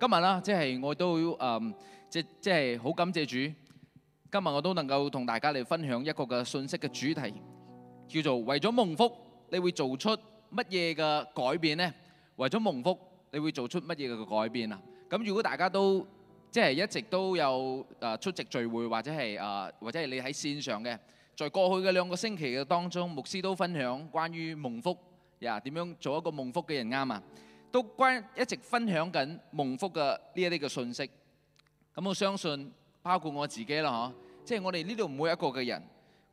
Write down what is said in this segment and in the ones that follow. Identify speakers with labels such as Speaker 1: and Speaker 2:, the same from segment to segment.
Speaker 1: 今日啦，即係我都誒，即即係好感謝主。今日我都能夠同大家嚟分享一個嘅信息嘅主題，叫做為咗蒙福，你會做出乜嘢嘅改變呢？為咗蒙福，你會做出乜嘢嘅改變啊？咁如果大家都即係一直都有誒出席聚會，或者係誒或者係你喺線上嘅，在過去嘅兩個星期嘅當中，牧師都分享關於蒙福呀，點樣做一個蒙福嘅人啱啊！都關一直分享緊蒙福嘅呢一啲嘅信息，咁我相信包括我自己啦，嗬，即係我哋呢度每一個嘅人，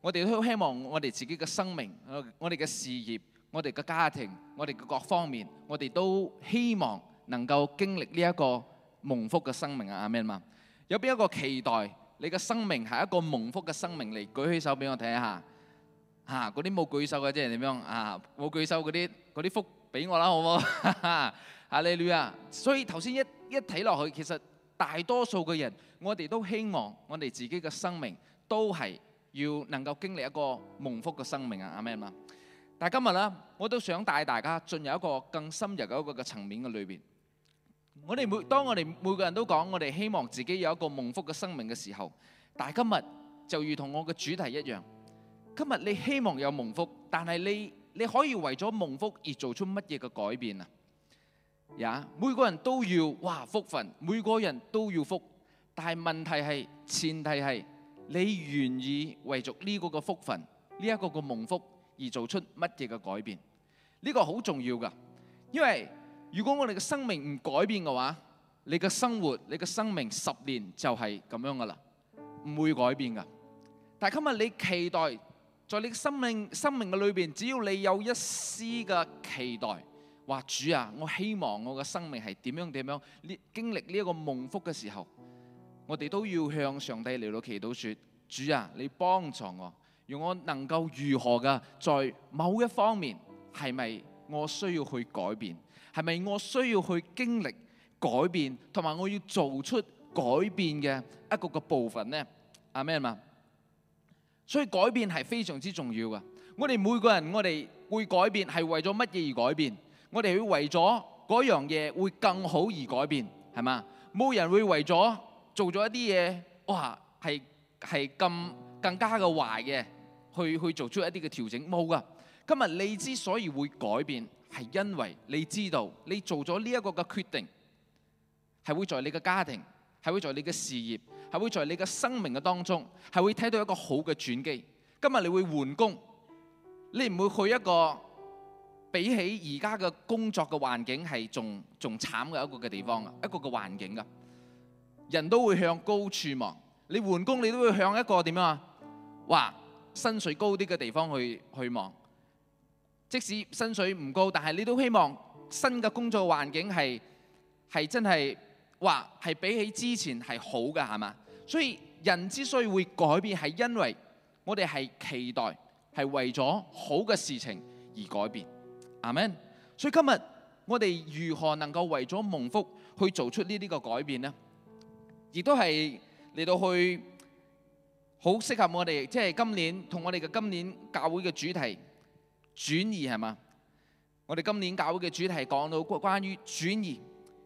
Speaker 1: 我哋都希望我哋自己嘅生命，我我哋嘅事業，我哋嘅家庭，我哋嘅各方面，我哋都希望能夠經歷呢一個蒙福嘅生命啊！啊咩嘛？有邊一個期待你嘅生命係一個蒙福嘅生命嚟？舉起手俾我睇下，嚇嗰啲冇舉手嘅即係點樣啊？冇舉手嗰啲嗰啲福。俾我啦，好唔好？哈利路亞，所以頭先一一睇落去，其實大多數嘅人，我哋都希望我哋自己嘅生命都係要能夠經歷一個蒙福嘅生命啊！阿咩嘛，但係今日咧，我都想帶大家進入一個更深入嘅一個嘅層面嘅裏邊。我哋每當我哋每個人都講我哋希望自己有一個蒙福嘅生命嘅時候，但係今日就如同我嘅主題一樣，今日你希望有蒙福，但係你。你可以為咗蒙福而做出乜嘢嘅改變啊？呀，每個人都要哇福分，每個人都要福，但係問題係前提係你願意為咗呢個嘅福分，呢一個嘅蒙福而做出乜嘢嘅改變？呢個好重要噶，因為如果我哋嘅生命唔改變嘅話，你嘅生活、你嘅生命十年就係咁樣噶啦，唔會改變噶。但係今日你期待。在你的生命生命嘅裏邊，只要你有一絲嘅期待，話，主啊，我希望我嘅生命係點樣點樣，呢經歷呢一個蒙福嘅時候，我哋都要向上帝嚟到祈禱說：主啊，你幫助我，讓我能夠如何嘅，在某一方面係咪我需要去改變？係咪我需要去經歷改變？同埋我要做出改變嘅一個部分呢？阿咩啊。所以改變係非常之重要㗎。我哋每個人，我哋會改變係為咗乜嘢而改變？我哋會為咗嗰樣嘢會更好而改變，係嘛？冇人會為咗做咗一啲嘢，哇，係係咁更加嘅壞嘅，去去做出一啲嘅調整，冇㗎。今日你之所以會改變，係因為你知道你做咗呢一個嘅決定，係會在你嘅家庭。係會在你嘅事業，係會在你嘅生命嘅當中，係會睇到一個好嘅轉機。今日你會換工，你唔會去一個比起而家嘅工作嘅環境係仲仲慘嘅一個嘅地方，一個嘅環境噶。人都會向高處望，你換工你都會向一個點樣啊？哇，薪水高啲嘅地方去去望，即使薪水唔高，但係你都希望新嘅工作環境係係真係。哇係比起之前係好嘅，係嘛？所以人之所以會改變係因為我哋係期待係為咗好嘅事情而改變，阿們。所以今日我哋如何能夠為咗蒙福去做出呢啲個改變呢？亦都係嚟到去好適合我哋，即係今年同我哋嘅今年教會嘅主題轉移，係嘛？我哋今年教會嘅主題講到關關於轉移。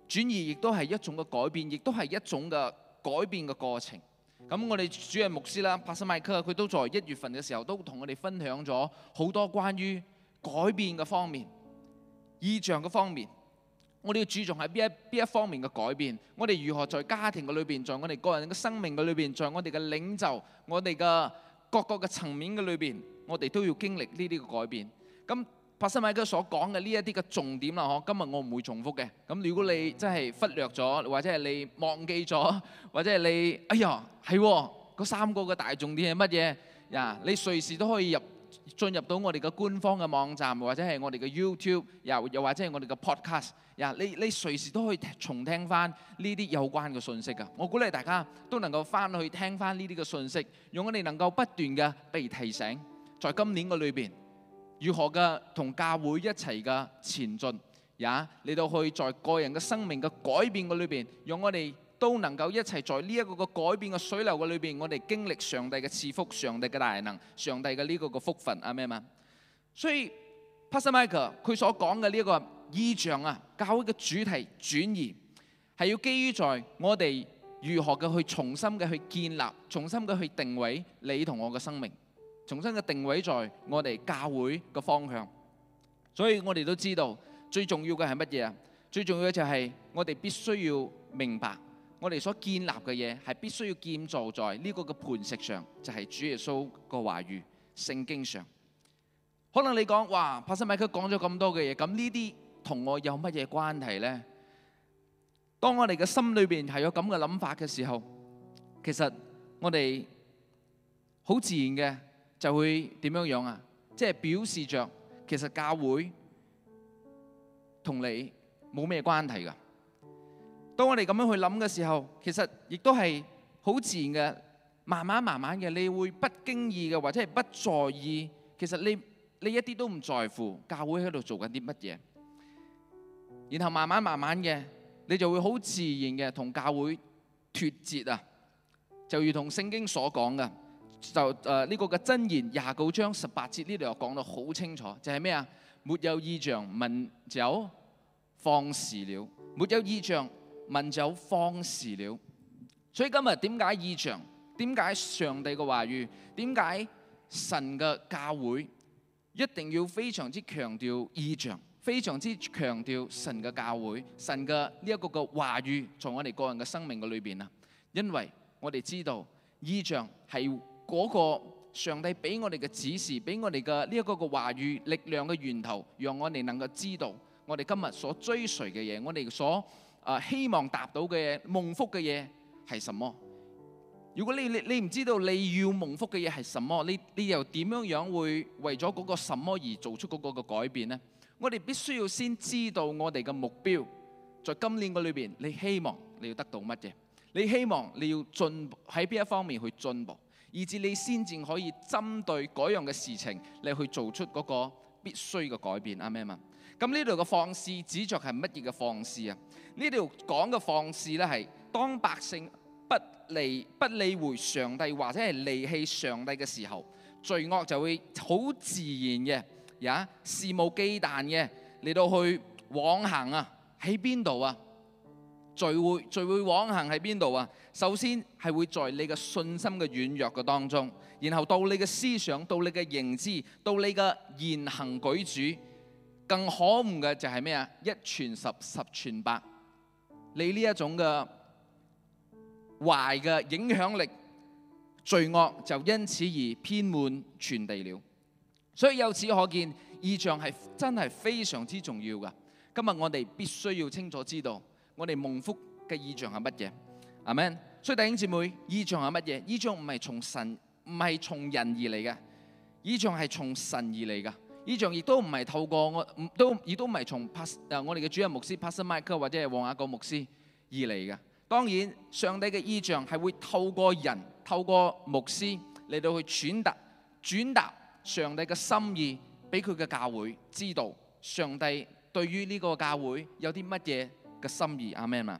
Speaker 1: 轉移亦都係一種嘅改變，亦都係一種嘅改變嘅過程。咁我哋主任牧師啦，帕斯麥克啊，佢都在一月份嘅時候都同我哋分享咗好多關於改變嘅方面、意象嘅方面。我哋要注重喺邊一邊一方面嘅改變。我哋如何在家庭嘅裏邊，在我哋個人嘅生命嘅裏邊，在我哋嘅領袖、我哋嘅各個嘅層面嘅裏邊，我哋都要經歷呢啲嘅改變。咁。巴塞米哥所講嘅呢一啲嘅重點啦，嗬，今日我唔會重複嘅。咁如果你真係忽略咗，或者係你忘記咗，或者係你，哎呀，係喎，嗰三個嘅大重點係乜嘢呀？你隨時都可以入進入到我哋嘅官方嘅網站，或者係我哋嘅 YouTube，又又或者係我哋嘅 Podcast，呀，你你隨時都可以重聽翻呢啲有關嘅信息嘅。我鼓勵大家都能夠翻去聽翻呢啲嘅信息，讓我哋能夠不斷嘅被提醒，在今年嘅裏邊。如何嘅同教會一齊嘅前進，也嚟到去在個人嘅生命嘅改變嘅裏邊，讓我哋都能夠一齊在呢一個嘅改變嘅水流嘅裏邊，我哋經歷上帝嘅賜福、上帝嘅大能、上帝嘅呢個嘅福分啊咩嘛？所以 Pastor Michael 佢所講嘅呢個異象啊，教會嘅主題轉移係要基於在我哋如何嘅去重新嘅去建立、重新嘅去定位你同我嘅生命。重新嘅定位在我哋教會嘅方向，所以我哋都知道最重要嘅係乜嘢啊？最重要嘅就係我哋必須要明白，我哋所建立嘅嘢係必須要建造在呢個嘅磐石上，就係主耶穌嘅話語、聖經上。可能你講哇，帕西米克講咗咁多嘅嘢，咁呢啲同我有乜嘢關係咧？當我哋嘅心裏邊係有咁嘅諗法嘅時候，其實我哋好自然嘅。就會點樣樣啊？即係表示着，其實教會同你冇咩關係噶。當我哋咁樣去諗嘅時候，其實亦都係好自然嘅，慢慢慢慢嘅，你會不經意嘅或者係不在意，其實你你一啲都唔在乎教會喺度做緊啲乜嘢。然後慢慢慢慢嘅，你就會好自然嘅同教會脫節啊，就如同聖經所講嘅。就誒呢個嘅箴言廿九章十八節呢度又講得好清楚，就係咩啊？沒有異象，民就放肆了；沒有異象，民就放肆了。所以今日點解異象？點解上帝嘅話語？點解神嘅教會一定要非常之強調異象，非常之強調神嘅教會、神嘅呢一個嘅話語，從我哋個人嘅生命嘅裏邊啊？因為我哋知道異象係。嗰個上帝俾我哋嘅指示，俾我哋嘅呢一個嘅話語力量嘅源頭，讓我哋能夠知道我哋今日所追隨嘅嘢，我哋所啊希望達到嘅嘢蒙福嘅嘢係什麼？如果你你你唔知道你要蒙福嘅嘢係什麼，你你又點樣樣會為咗嗰個什麼而做出嗰個嘅改變呢？我哋必須要先知道我哋嘅目標，在今年嘅裏邊，你希望你要得到乜嘢？你希望你要進喺邊一方面去進步？以至你先至可以針對嗰樣嘅事情，你去做出嗰個必須嘅改變，啱唔啱啊？咁呢度嘅放肆指著係乜嘢嘅放肆啊？呢度講嘅放肆咧，係當百姓不理不理會上帝或者係離棄上帝嘅時候，罪惡就會好自然嘅啊肆無忌憚嘅嚟到去往行啊，喺邊度啊？聚會，聚會往行喺邊度啊？首先係會在你嘅信心嘅軟弱嘅當中，然後到你嘅思想，到你嘅認知，到你嘅言行舉止，更可惡嘅就係咩啊？一傳十，十傳百，你呢一種嘅壞嘅影響力罪惡就因此而遍滿全地了。所以由此可見，意象係真係非常之重要㗎。今日我哋必須要清楚知道，我哋蒙福嘅意象係乜嘢。阿們，Amen. 所以弟兄姊妹，異象係乜嘢？異象唔係從神唔係從人而嚟嘅，異象係從神而嚟嘅，異象亦都唔係透過我，都亦都唔係從 p a s 誒，我哋嘅主任牧師 Pastor Michael 或者係黃亞國牧師而嚟嘅。當然，上帝嘅異象係會透過人，透過牧師嚟到去傳達，轉達上帝嘅心意俾佢嘅教會知道，上帝對於呢個教會有啲乜嘢嘅心意。阿們啊！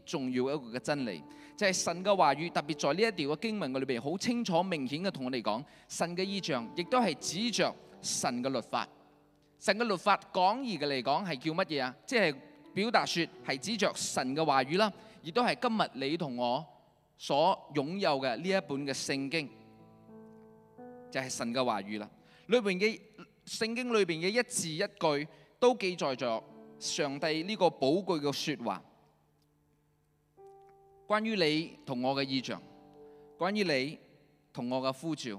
Speaker 1: 重要一個嘅真理，就係、是、神嘅話語，特別在呢一條嘅經文嘅裏邊，好清楚、明顯嘅同我哋講，神嘅意象亦都係指着神嘅律法。神嘅律法廣義嘅嚟講係叫乜嘢啊？即、就、係、是、表達說係指着神嘅話語啦，亦都係今日你同我所擁有嘅呢一本嘅聖經，就係、是、神嘅話語啦。裏邊嘅聖經裏邊嘅一字一句都記載着上帝呢個寶貴嘅說話。關於你同我嘅意象，關於你同我嘅呼召，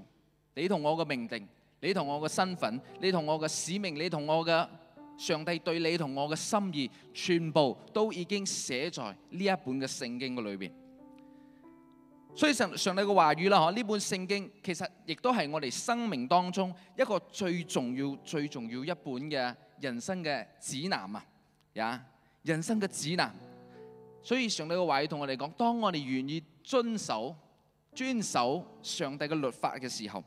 Speaker 1: 你同我嘅命定，你同我嘅身份，你同我嘅使命，你同我嘅上帝對你同我嘅心意，全部都已經寫在呢一本嘅聖經嘅裡面。所以神上帝嘅話語啦，呢本聖經其實亦都係我哋生命當中一個最重要、最重要一本嘅人生嘅指南啊，呀，人生嘅指南。所以上帝嘅話同我哋講，當我哋願意遵守遵守上帝嘅律法嘅時候，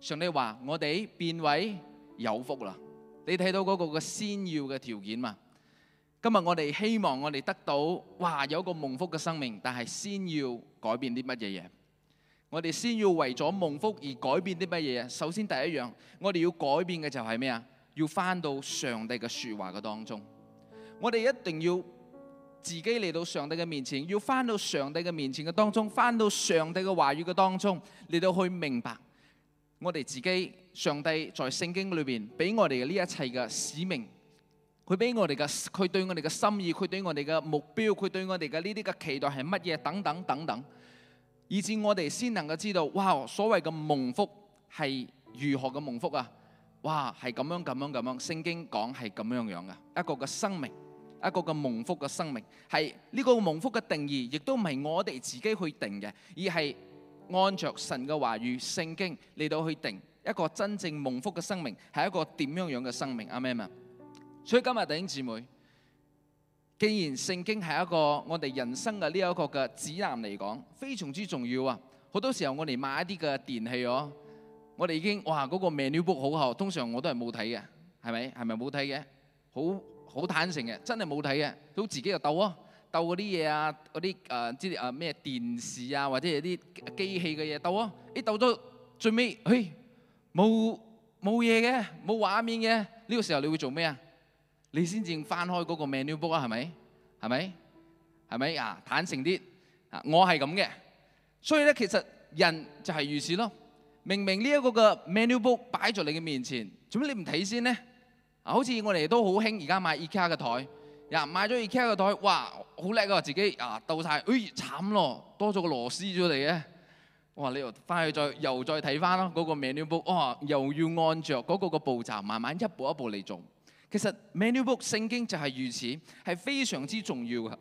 Speaker 1: 上帝話我哋變為有福啦。你睇到嗰個嘅先要嘅條件嘛？今日我哋希望我哋得到哇有一個蒙福嘅生命，但係先要改變啲乜嘢嘢？我哋先要為咗蒙福而改變啲乜嘢？首先第一樣，我哋要改變嘅就係咩啊？要返到上帝嘅說話嘅當中，我哋一定要。自己嚟到上帝嘅面前，要翻到上帝嘅面前嘅當中，翻到上帝嘅話語嘅當中，嚟到去明白我哋自己，上帝在聖經裏邊俾我哋嘅呢一切嘅使命，佢俾我哋嘅，佢對我哋嘅心意，佢對我哋嘅目標，佢對我哋嘅呢啲嘅期待係乜嘢等等等等，以至我哋先能夠知道，哇，所謂嘅蒙福係如何嘅蒙福啊！哇，係咁樣咁樣咁樣，聖經講係咁樣樣嘅一個嘅生命。一個嘅蒙福嘅生命，係呢，這個蒙福嘅定義，亦都唔係我哋自己去定嘅，而係按着神嘅話語、聖經嚟到去定一個真正蒙福嘅生命，係一個點樣樣嘅生命，阿們。所以今日弟兄姊妹，既然聖經係一個我哋人生嘅呢一個嘅指南嚟講，非常之重要啊！好多時候我哋買一啲嘅電器哦，我哋已經哇嗰、那個 manual book 好厚，通常我都係冇睇嘅，係咪？係咪冇睇嘅？好。好坦誠嘅，真係冇睇嘅，都自己就鬥啊，鬥嗰啲嘢啊，嗰啲誒知啲誒咩電視啊，或者係啲機器嘅嘢鬥啊，啲鬥咗最尾，嘿，冇冇嘢嘅，冇畫面嘅，呢個時候你會做咩啊？你先至翻開嗰個 menu book 啊，係咪？係咪？係咪啊？坦誠啲啊，我係咁嘅，所以咧其實人就係如此咯。明明呢一個嘅 menu book 擺在你嘅面前，做咩你唔睇先咧？好似我哋都好興，而家買 IKEA 嘅台，呀買咗 IKEA 嘅台，哇，好叻㗎，自己啊鬥曬，哎慘咯，多咗個螺絲咗嚟嘅，我話你又翻去再又再睇翻咯，嗰個 manual book，哇，又要按著嗰個個步驟，慢慢一步一步嚟做。其實 manual book 聖經就係如此，係非常之重要啊，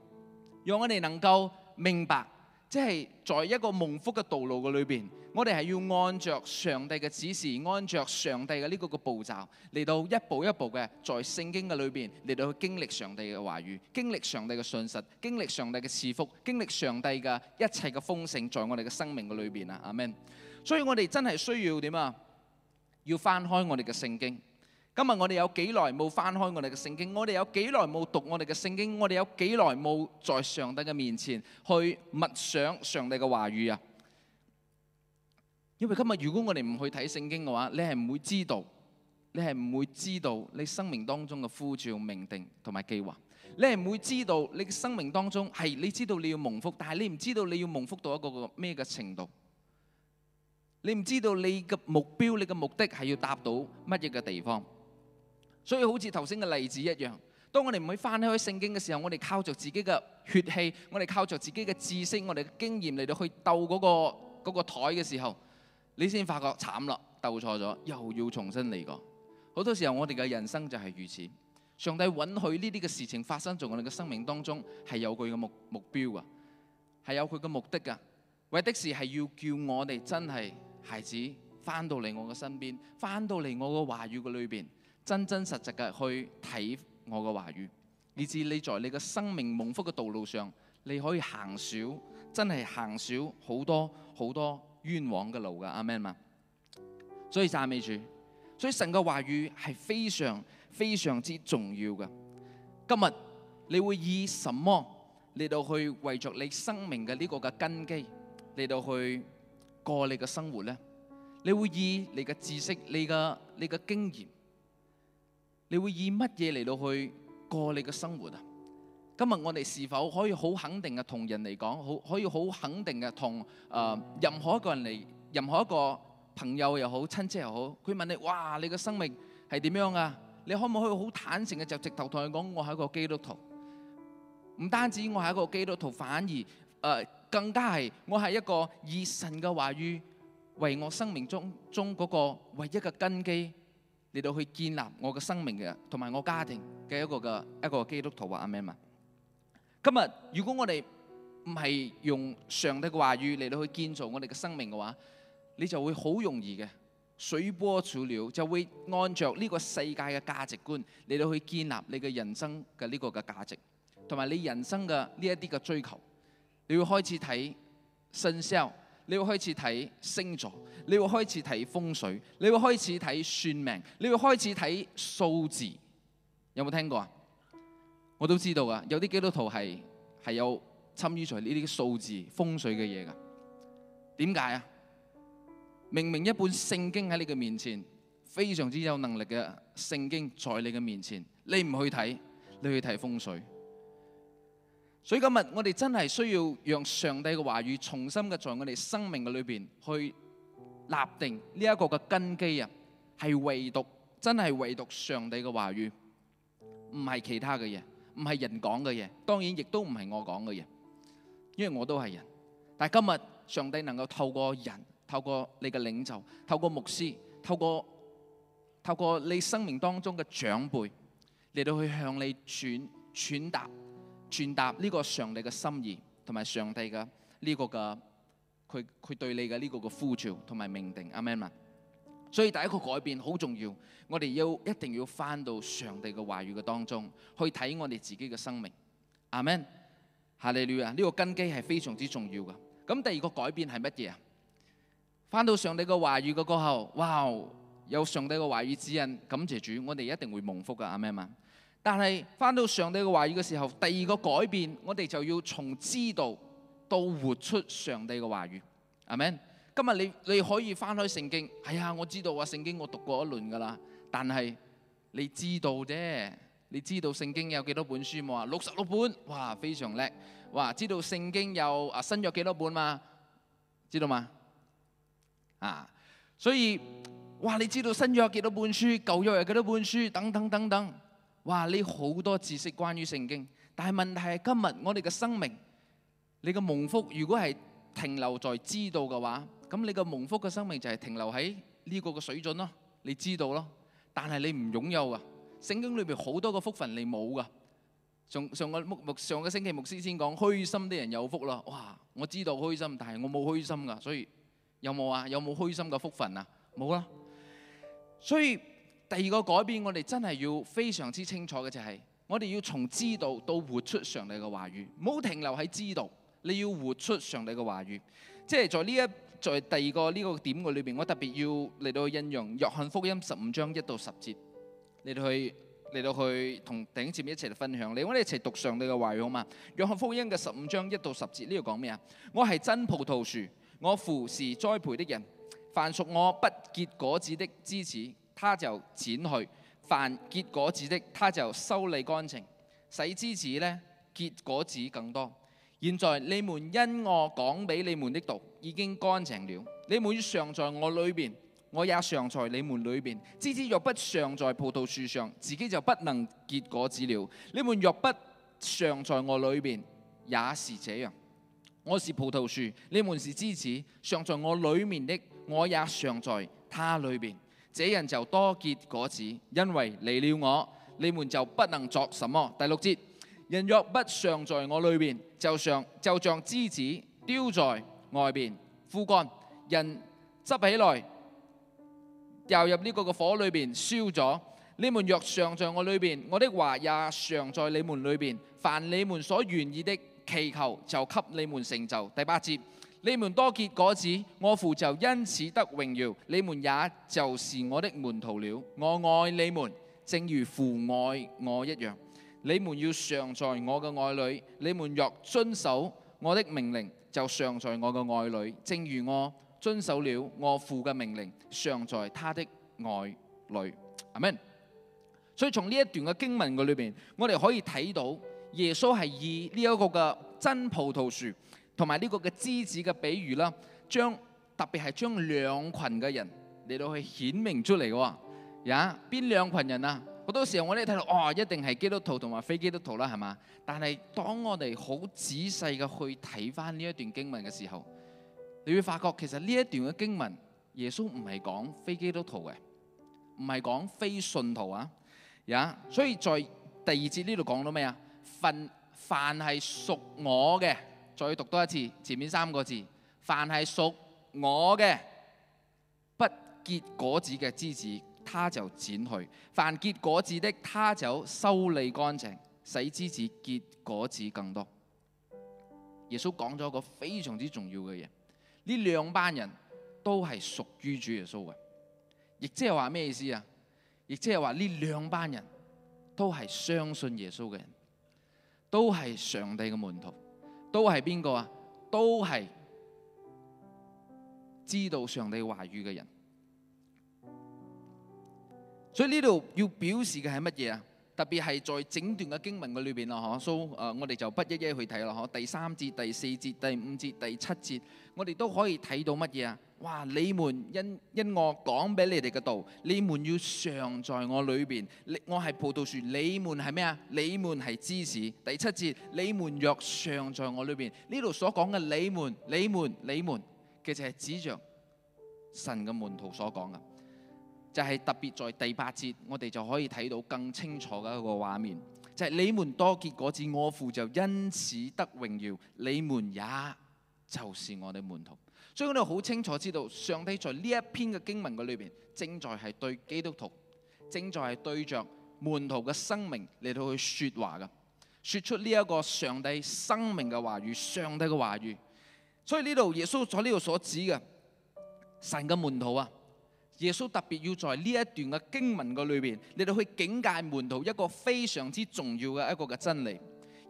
Speaker 1: 讓我哋能夠明白。即係在一個蒙福嘅道路嘅裏面，我哋係要按着上帝嘅指示，按着上帝嘅呢個步驟嚟到一步一步嘅，在聖經嘅裏面，嚟到去經歷上帝嘅話語，經歷上帝嘅信實，經歷上帝嘅賜福，經歷上帝嘅一切嘅豐盛，在我哋嘅生命嘅裏邊啊，阿門。所以我哋真係需要點啊？要翻開我哋嘅聖經。今日我哋有幾耐冇翻開我哋嘅聖經？我哋有幾耐冇讀我哋嘅聖經？我哋有幾耐冇在上帝嘅面前去默想上帝嘅話語啊？因為今日如果我哋唔去睇聖經嘅話，你係唔會知道，你係唔會知道你生命當中嘅呼召、命定同埋計劃，你係唔會知道你嘅生命當中係你知道你要蒙福，但係你唔知道你要蒙福到一個個咩嘅程度，你唔知道你嘅目標、你嘅目的係要達到乜嘢嘅地方。所以好似頭先嘅例子一樣，當我哋唔會翻開聖經嘅時候，我哋靠着自己嘅血氣，我哋靠著自己嘅知識，我哋嘅經驗嚟到去鬥嗰個、嗰個台嘅時候，你先發覺慘啦，鬥錯咗，又要重新嚟過。好多時候我哋嘅人生就係如此。上帝允許呢啲嘅事情發生在我哋嘅生命當中，係有佢嘅目目標噶，係有佢嘅目的噶，為的是係要叫我哋真係孩子翻到嚟我嘅身邊，翻到嚟我嘅話語嘅裏邊。真真實實嘅去睇我嘅話語，以至你在你嘅生命蒙福嘅道路上，你可以行少真係行少好多好多冤枉嘅路噶。阿們嘛，所以讚美主，所以神嘅話語係非常非常之重要嘅。今日你會以什麼嚟到去為着你生命嘅呢個嘅根基嚟到去過你嘅生活咧？你會以你嘅知識、你嘅你嘅經驗。你會以乜嘢嚟到去過你嘅生活啊？今日我哋是否可以好肯定嘅同人嚟講，好可以好肯定嘅同誒任何一個人嚟，任何一個朋友又好、親戚又好，佢問你：哇，你嘅生命係點樣啊？你可唔可以好坦誠嘅就直頭同佢講，我係一個基督徒，唔單止我係一個基督徒，反而誒更加係我係一個以神嘅話語為我生命中中嗰個唯一嘅根基。嚟到去建立我嘅生命嘅，同埋我家庭嘅一個嘅一個基督徒啊，阿媽咪。今日如果我哋唔係用上帝嘅話語嚟到去建造我哋嘅生命嘅話，你就會好容易嘅隨波逐流，就會按著呢個世界嘅價值觀，嚟到去建立你嘅人生嘅呢個嘅價值，同埋你人生嘅呢一啲嘅追求，你會開始睇生肖。你會開始睇星座，你會開始睇風水，你會開始睇算命，你會開始睇數字，有冇聽過啊？我都知道啊，有啲基督徒係係有參與咗呢啲數字、風水嘅嘢噶。點解啊？明明一本聖經喺你嘅面前，非常之有能力嘅聖經在你嘅面前，你唔去睇，你去睇風水。所以今日我哋真係需要讓上帝嘅話語重新嘅在我哋生命嘅裏邊去立定呢一個嘅根基啊，係唯獨真係唯獨上帝嘅話語，唔係其他嘅嘢，唔係人講嘅嘢，當然亦都唔係我講嘅嘢，因為我都係人。但係今日上帝能夠透過人，透過你嘅領袖，透過牧師，透過透過你生命當中嘅長輩嚟到去向你轉轉達傳達呢個上帝嘅心意，同埋上帝嘅呢個嘅佢佢對你嘅呢個嘅呼召同埋命定，阿 Man 嘛。所以第一個改變好重要，我哋要一定要翻到上帝嘅話語嘅當中，去睇我哋自己嘅生命，阿 Man，哈利路亞，呢個根基係非常之重要嘅。咁第二個改變係乜嘢啊？翻到上帝嘅話語嘅過後，哇！有上帝嘅話語指引，感謝主，我哋一定會蒙福嘅，阿 Man。但係翻到上帝嘅話語嘅時候，第二個改變，我哋就要從知道到活出上帝嘅話語，係咪？今日你你可以翻開聖經，哎呀，我知道啊，聖經我讀過一輪噶啦。但係你知道啫，你知道聖經有幾多本書冇啊？六十六本，哇，非常叻。哇，知道聖經有啊新約幾多本嘛？知道嘛？啊，所以哇，你知道新約有幾多本書，舊約有幾多本書，等等等等。哇！你好多知識關於聖經，但係問題係今日我哋嘅生命，你嘅蒙福如果係停留在知道嘅話，咁你嘅蒙福嘅生命就係停留喺呢個嘅水準咯。你知道咯，但係你唔擁有噶。聖經裏面好多嘅福分你冇噶。上上個木上個星期牧師先講，虛心啲人有福咯。哇！我知道虛心，但係我冇虛心噶，所以有冇啊？有冇虛心嘅福分啊？冇啦。所以。第二個改變，我哋真係要非常之清楚嘅，就是，就係我哋要從知道到活出上帝嘅話語，冇停留喺知道，你要活出上帝嘅話語。即係在呢一在第二個呢，這個點嘅裏邊，我特別要嚟到引用約翰福音十五章一到十節，你哋去嚟到去同頂節目一齊分享。你我哋一齊讀上帝嘅話語好嘛？約翰福音嘅十五章一到十節呢度講咩啊？我係真葡萄樹，我父是栽培的人，凡屬我不結果子的枝子。他就剪去凡結果子的，他就修理乾淨，使枝子呢，結果子更多。現在你們因我講俾你們的道已經乾淨了，你們常在我裏面，我也常在你們裏面。枝子若不常在葡萄樹上，自己就不能結果子了。你們若不常在我裏面，也是這樣。我是葡萄樹，你們是枝子，常在我裏面的，我也常在他裏面。這人就多結果子，因為離了我，你們就不能作什麼。第六節，人若不常在我裡邊，就像就像枝子丟在外邊枯乾。人執起來掉入呢個嘅火裡邊燒咗。你們若常在我裡邊，我的話也常在你們裡邊。凡你們所願意的祈求，就給你們成就。第八節。你們多結果子，我父就因此得榮耀；你們也就是我的門徒了。我愛你們，正如父愛我一樣。你們要常在我嘅愛裏。你們若遵守我的命令，就常在我嘅愛裏。正如我遵守了我父嘅命令，常在他的愛裏。阿門。所以從呢一段嘅經文嘅裏邊，我哋可以睇到耶穌係以呢一個嘅真葡萄樹。同埋呢個嘅枝子嘅比喻啦，將特別係將兩群嘅人嚟到去顯明出嚟嘅，也邊兩群人啊？好多時候我哋睇到，哇、哦，一定係基督徒同埋非基督徒啦，係嘛？但係當我哋好仔細嘅去睇翻呢一段經文嘅時候，你會發覺其實呢一段嘅經文，耶穌唔係講非基督徒嘅，唔係講非信徒啊，也所以在第二節呢度講到咩啊？份凡係屬我嘅。再讀多一次前面三個字，凡係屬我嘅不結果子嘅枝子，他就剪去；凡結果子的，他就修理乾淨，使枝子結果子更多。耶穌講咗個非常之重要嘅嘢，呢兩班人都係屬於主耶穌嘅，亦即係話咩意思啊？亦即係話呢兩班人都係相信耶穌嘅人，都係上帝嘅門徒。都係邊個啊？都係知道上帝話語嘅人。所以呢度要表示嘅係乜嘢啊？特別係在整段嘅經文嘅裏邊啊，哈，蘇誒，我哋就不一一去睇啦，哈。第三節、第四節、第五節、第七節，我哋都可以睇到乜嘢啊？哇！你們因因我講俾你哋嘅道，你們要常在我裏面。我係葡萄樹，你們係咩啊？你們係枝子。第七節，你們若常在我裏面，呢度所講嘅你，你們、你們、你們，其實係指著神嘅門徒所講嘅，就係、是、特別在第八節，我哋就可以睇到更清楚嘅一個畫面，就係、是、你們多結果子，我父就因此得榮耀，你們也就是我哋門徒。所以我哋好清楚知道，上帝在呢一篇嘅經文裏邊，正在係對基督徒，正在係對着門徒嘅生命嚟到去說話嘅，說出呢一個上帝生命嘅話語，上帝嘅話語。所以呢度耶穌在呢度所指嘅神嘅門徒啊，耶穌特別要在呢一段嘅經文嘅裏邊，嚟到去警戒門徒一個非常之重要嘅一個嘅真理，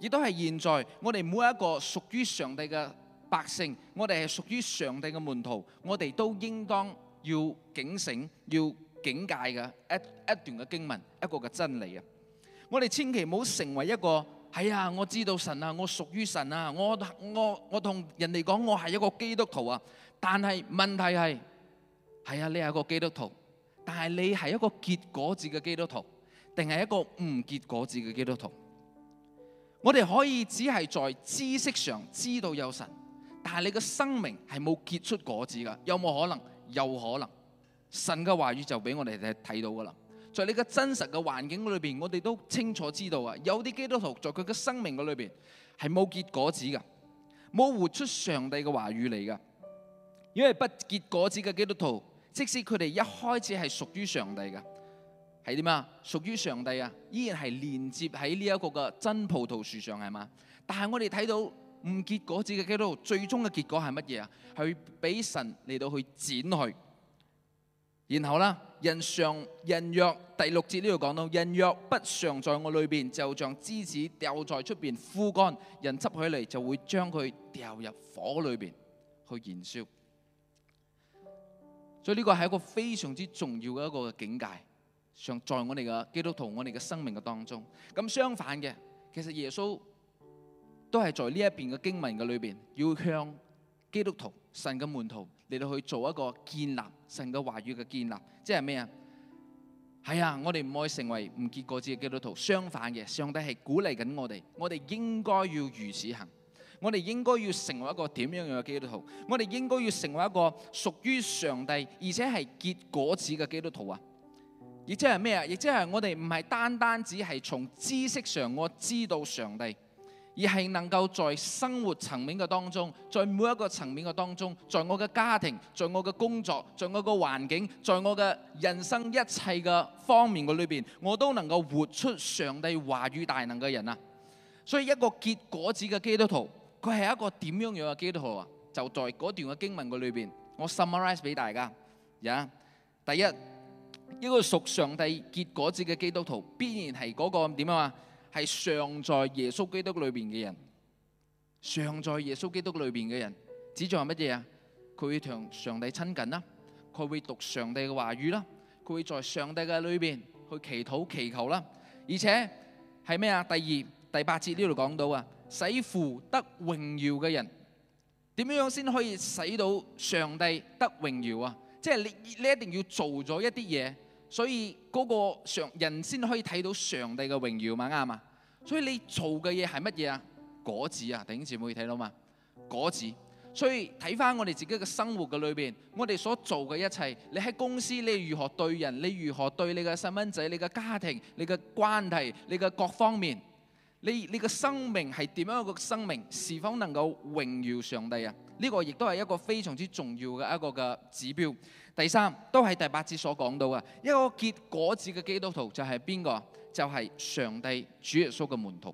Speaker 1: 亦都係現在我哋每一個屬於上帝嘅。百姓，我哋係屬於上帝嘅門徒，我哋都應當要警醒，要警戒嘅一一段嘅經文，一個嘅真理啊！我哋千祈唔好成為一個係啊、哎！我知道神啊，我屬於神啊，我我我同人哋講我係一個基督徒啊！但係問題係，係、哎、啊，你係一個基督徒，但係你係一個結果子嘅基督徒，定係一個唔結果子嘅基督徒？我哋可以只係在知識上知道有神。但係你個生命係冇結出果子噶，有冇可能？有可能。神嘅話語就俾我哋睇到噶啦，在你嘅真實嘅環境裏邊，我哋都清楚知道啊，有啲基督徒在佢嘅生命嘅裏邊係冇結果子噶，冇活出上帝嘅話語嚟噶。因為不結果子嘅基督徒，即使佢哋一開始係屬於上帝嘅，係點啊？屬於上帝啊，依然係連接喺呢一個嘅真葡萄樹上係嘛？但係我哋睇到。唔結果子嘅基督徒，最終嘅結果係乜嘢啊？係會俾神嚟到去剪佢。然後啦，人常人若第六節呢度講到，人若不常在我裏邊，就像枝子掉在出邊枯乾，人執起嚟就會將佢掉入火裏邊去燃燒。所以呢個係一個非常之重要嘅一個境界，常在我哋嘅基督徒，我哋嘅生命嘅當中。咁相反嘅，其實耶穌。都係在呢一邊嘅經文嘅裏邊，要向基督徒、神嘅門徒嚟到去做一個建立，神嘅話語嘅建立，即係咩啊？係啊，我哋唔可以成為唔結果子嘅基督徒，相反嘅，上帝係鼓勵緊我哋，我哋應該要如此行，我哋應該要成為一個點樣樣嘅基督徒，我哋應該要成為一個屬於上帝而且係結果子嘅基督徒啊！亦即係咩啊？亦即係我哋唔係單單只係從知識上我知道上帝。而係能夠在生活層面嘅當中，在每一個層面嘅當中，在我嘅家庭，在我嘅工作，在我嘅環境，在我嘅人生一切嘅方面嘅裏邊，我都能夠活出上帝話語大能嘅人啊！所以一個結果子嘅基督徒，佢係一個點樣樣嘅基督徒啊？就在嗰段嘅經文嘅裏邊，我 summarise 俾大家呀。第一，一個屬上帝結果子嘅基督徒，必然係嗰、那個點樣啊係尚在耶穌基督裏邊嘅人，尚在耶穌基督裏邊嘅人指，指著係乜嘢啊？佢會同上帝親近啦，佢會讀上帝嘅話語啦，佢會在上帝嘅裏邊去祈禱、祈求啦。而且係咩啊？第二第八節呢度講到啊，使父得榮耀嘅人，點樣先可以使到上帝得榮耀啊？即係你你一定要做咗一啲嘢。所以嗰個上人先可以睇到上帝嘅榮耀嘛，啱嘛？所以你做嘅嘢係乜嘢啊？果子啊，弟兄姊妹睇到嘛？果子。所以睇返我哋自己嘅生活嘅裏邊，我哋所做嘅一切，你喺公司你如何對人，你如何對你嘅細蚊仔，你嘅家庭，你嘅關係，你嘅各方面，你你嘅生命係點樣一個生命？是否能夠榮耀上帝啊？呢個亦都係一個非常之重要嘅一個嘅指標。第三都係第八節所講到嘅一個結果子嘅基督徒就係邊個？就係、是、上帝主耶穌嘅門徒。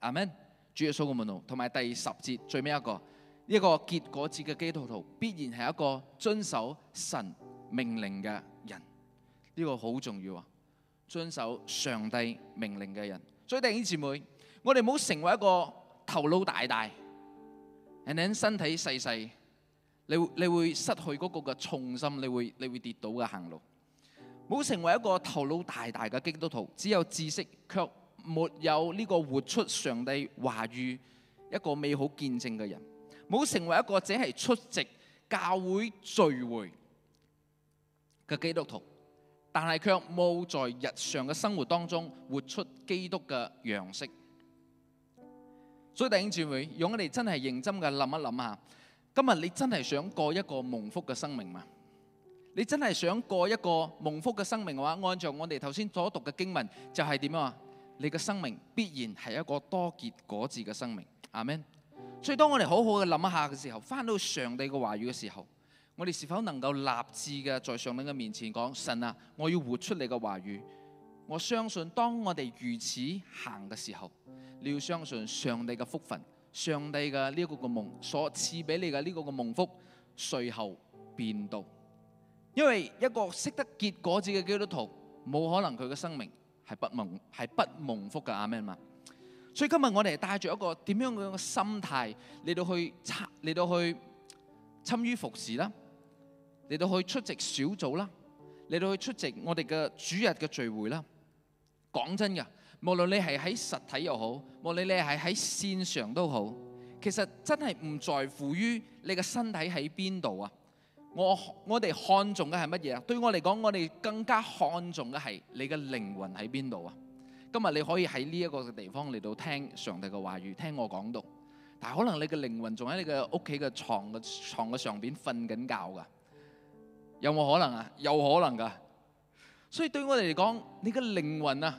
Speaker 1: 阿們，主耶穌嘅門徒。同埋第十節最尾一個，一個結果子嘅基督徒必然係一個遵守神命令嘅人。呢、這個好重要啊！遵守上帝命令嘅人。所以弟兄姊妹，我哋唔好成為一個頭腦大大。人身體細細，你你會失去嗰個嘅重心，你會你會跌倒嘅行路。冇成為一個頭腦大大嘅基督徒，只有知識卻沒有呢個活出上帝話語一個美好見證嘅人。冇成為一個只係出席教會聚會嘅基督徒，但係卻冇在日常嘅生活當中活出基督嘅樣式。所以弟兄姊妹，用我哋真係認真嘅諗一諗下。今日你真係想過一個蒙福嘅生命嘛？你真係想過一個蒙福嘅生命嘅話，按照我哋頭先所讀嘅經文，就係點啊？你嘅生命必然係一個多結果子嘅生命。阿門。所以當我哋好好嘅諗一下嘅時候，翻到上帝嘅話語嘅時候，我哋是否能夠立志嘅在上帝嘅面前講：神啊，我要活出你嘅話語。我相信當我哋如此行嘅時候，你要相信上帝嘅福分，上帝嘅呢個個蒙所賜俾你嘅呢個個蒙福，隨後變到，因為一個識得結果子嘅基督徒，冇可能佢嘅生命係不蒙係不蒙福嘅啊！咩嘛？所以今日我哋帶住一個點樣嘅心態嚟到去參嚟到去參與服侍啦，嚟到去出席小組啦，嚟到去出席我哋嘅主日嘅聚會啦。講真噶，無論你係喺實體又好，無論你係喺線上都好，其實真係唔在乎於你嘅身體喺邊度啊！我我哋看重嘅係乜嘢啊？對我嚟講，我哋更加看重嘅係你嘅靈魂喺邊度啊！今日你可以喺呢一個嘅地方嚟到聽上帝嘅話語，聽我講讀，但係可能你嘅靈魂仲喺你嘅屋企嘅床嘅床嘅上邊瞓緊覺噶，有冇可能啊？有可能噶，所以對我哋嚟講，你嘅靈魂啊！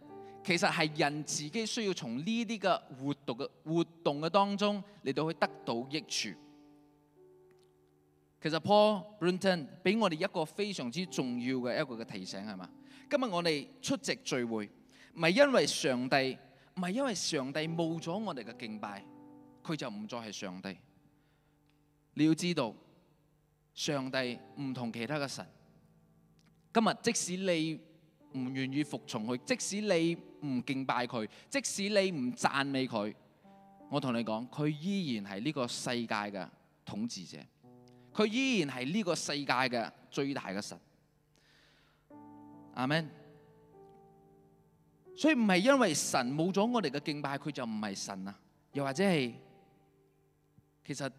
Speaker 1: 其實係人自己需要從呢啲嘅活動嘅活動嘅當中嚟到去得到益處。其實 Paul Brinton 俾我哋一個非常之重要嘅一個嘅提醒係嘛？今日我哋出席聚會，唔係因為上帝，唔係因為上帝冇咗我哋嘅敬拜，佢就唔再係上帝。你要知道，上帝唔同其他嘅神。今日即使你唔願意服從佢，即使你，唔敬拜佢，即使你唔讚美佢，我同你講，佢依然係呢個世界嘅統治者，佢依然係呢個世界嘅最大嘅神，阿們。所以唔係因為神冇咗我哋嘅敬拜，佢就唔係神啊，又或者係，其實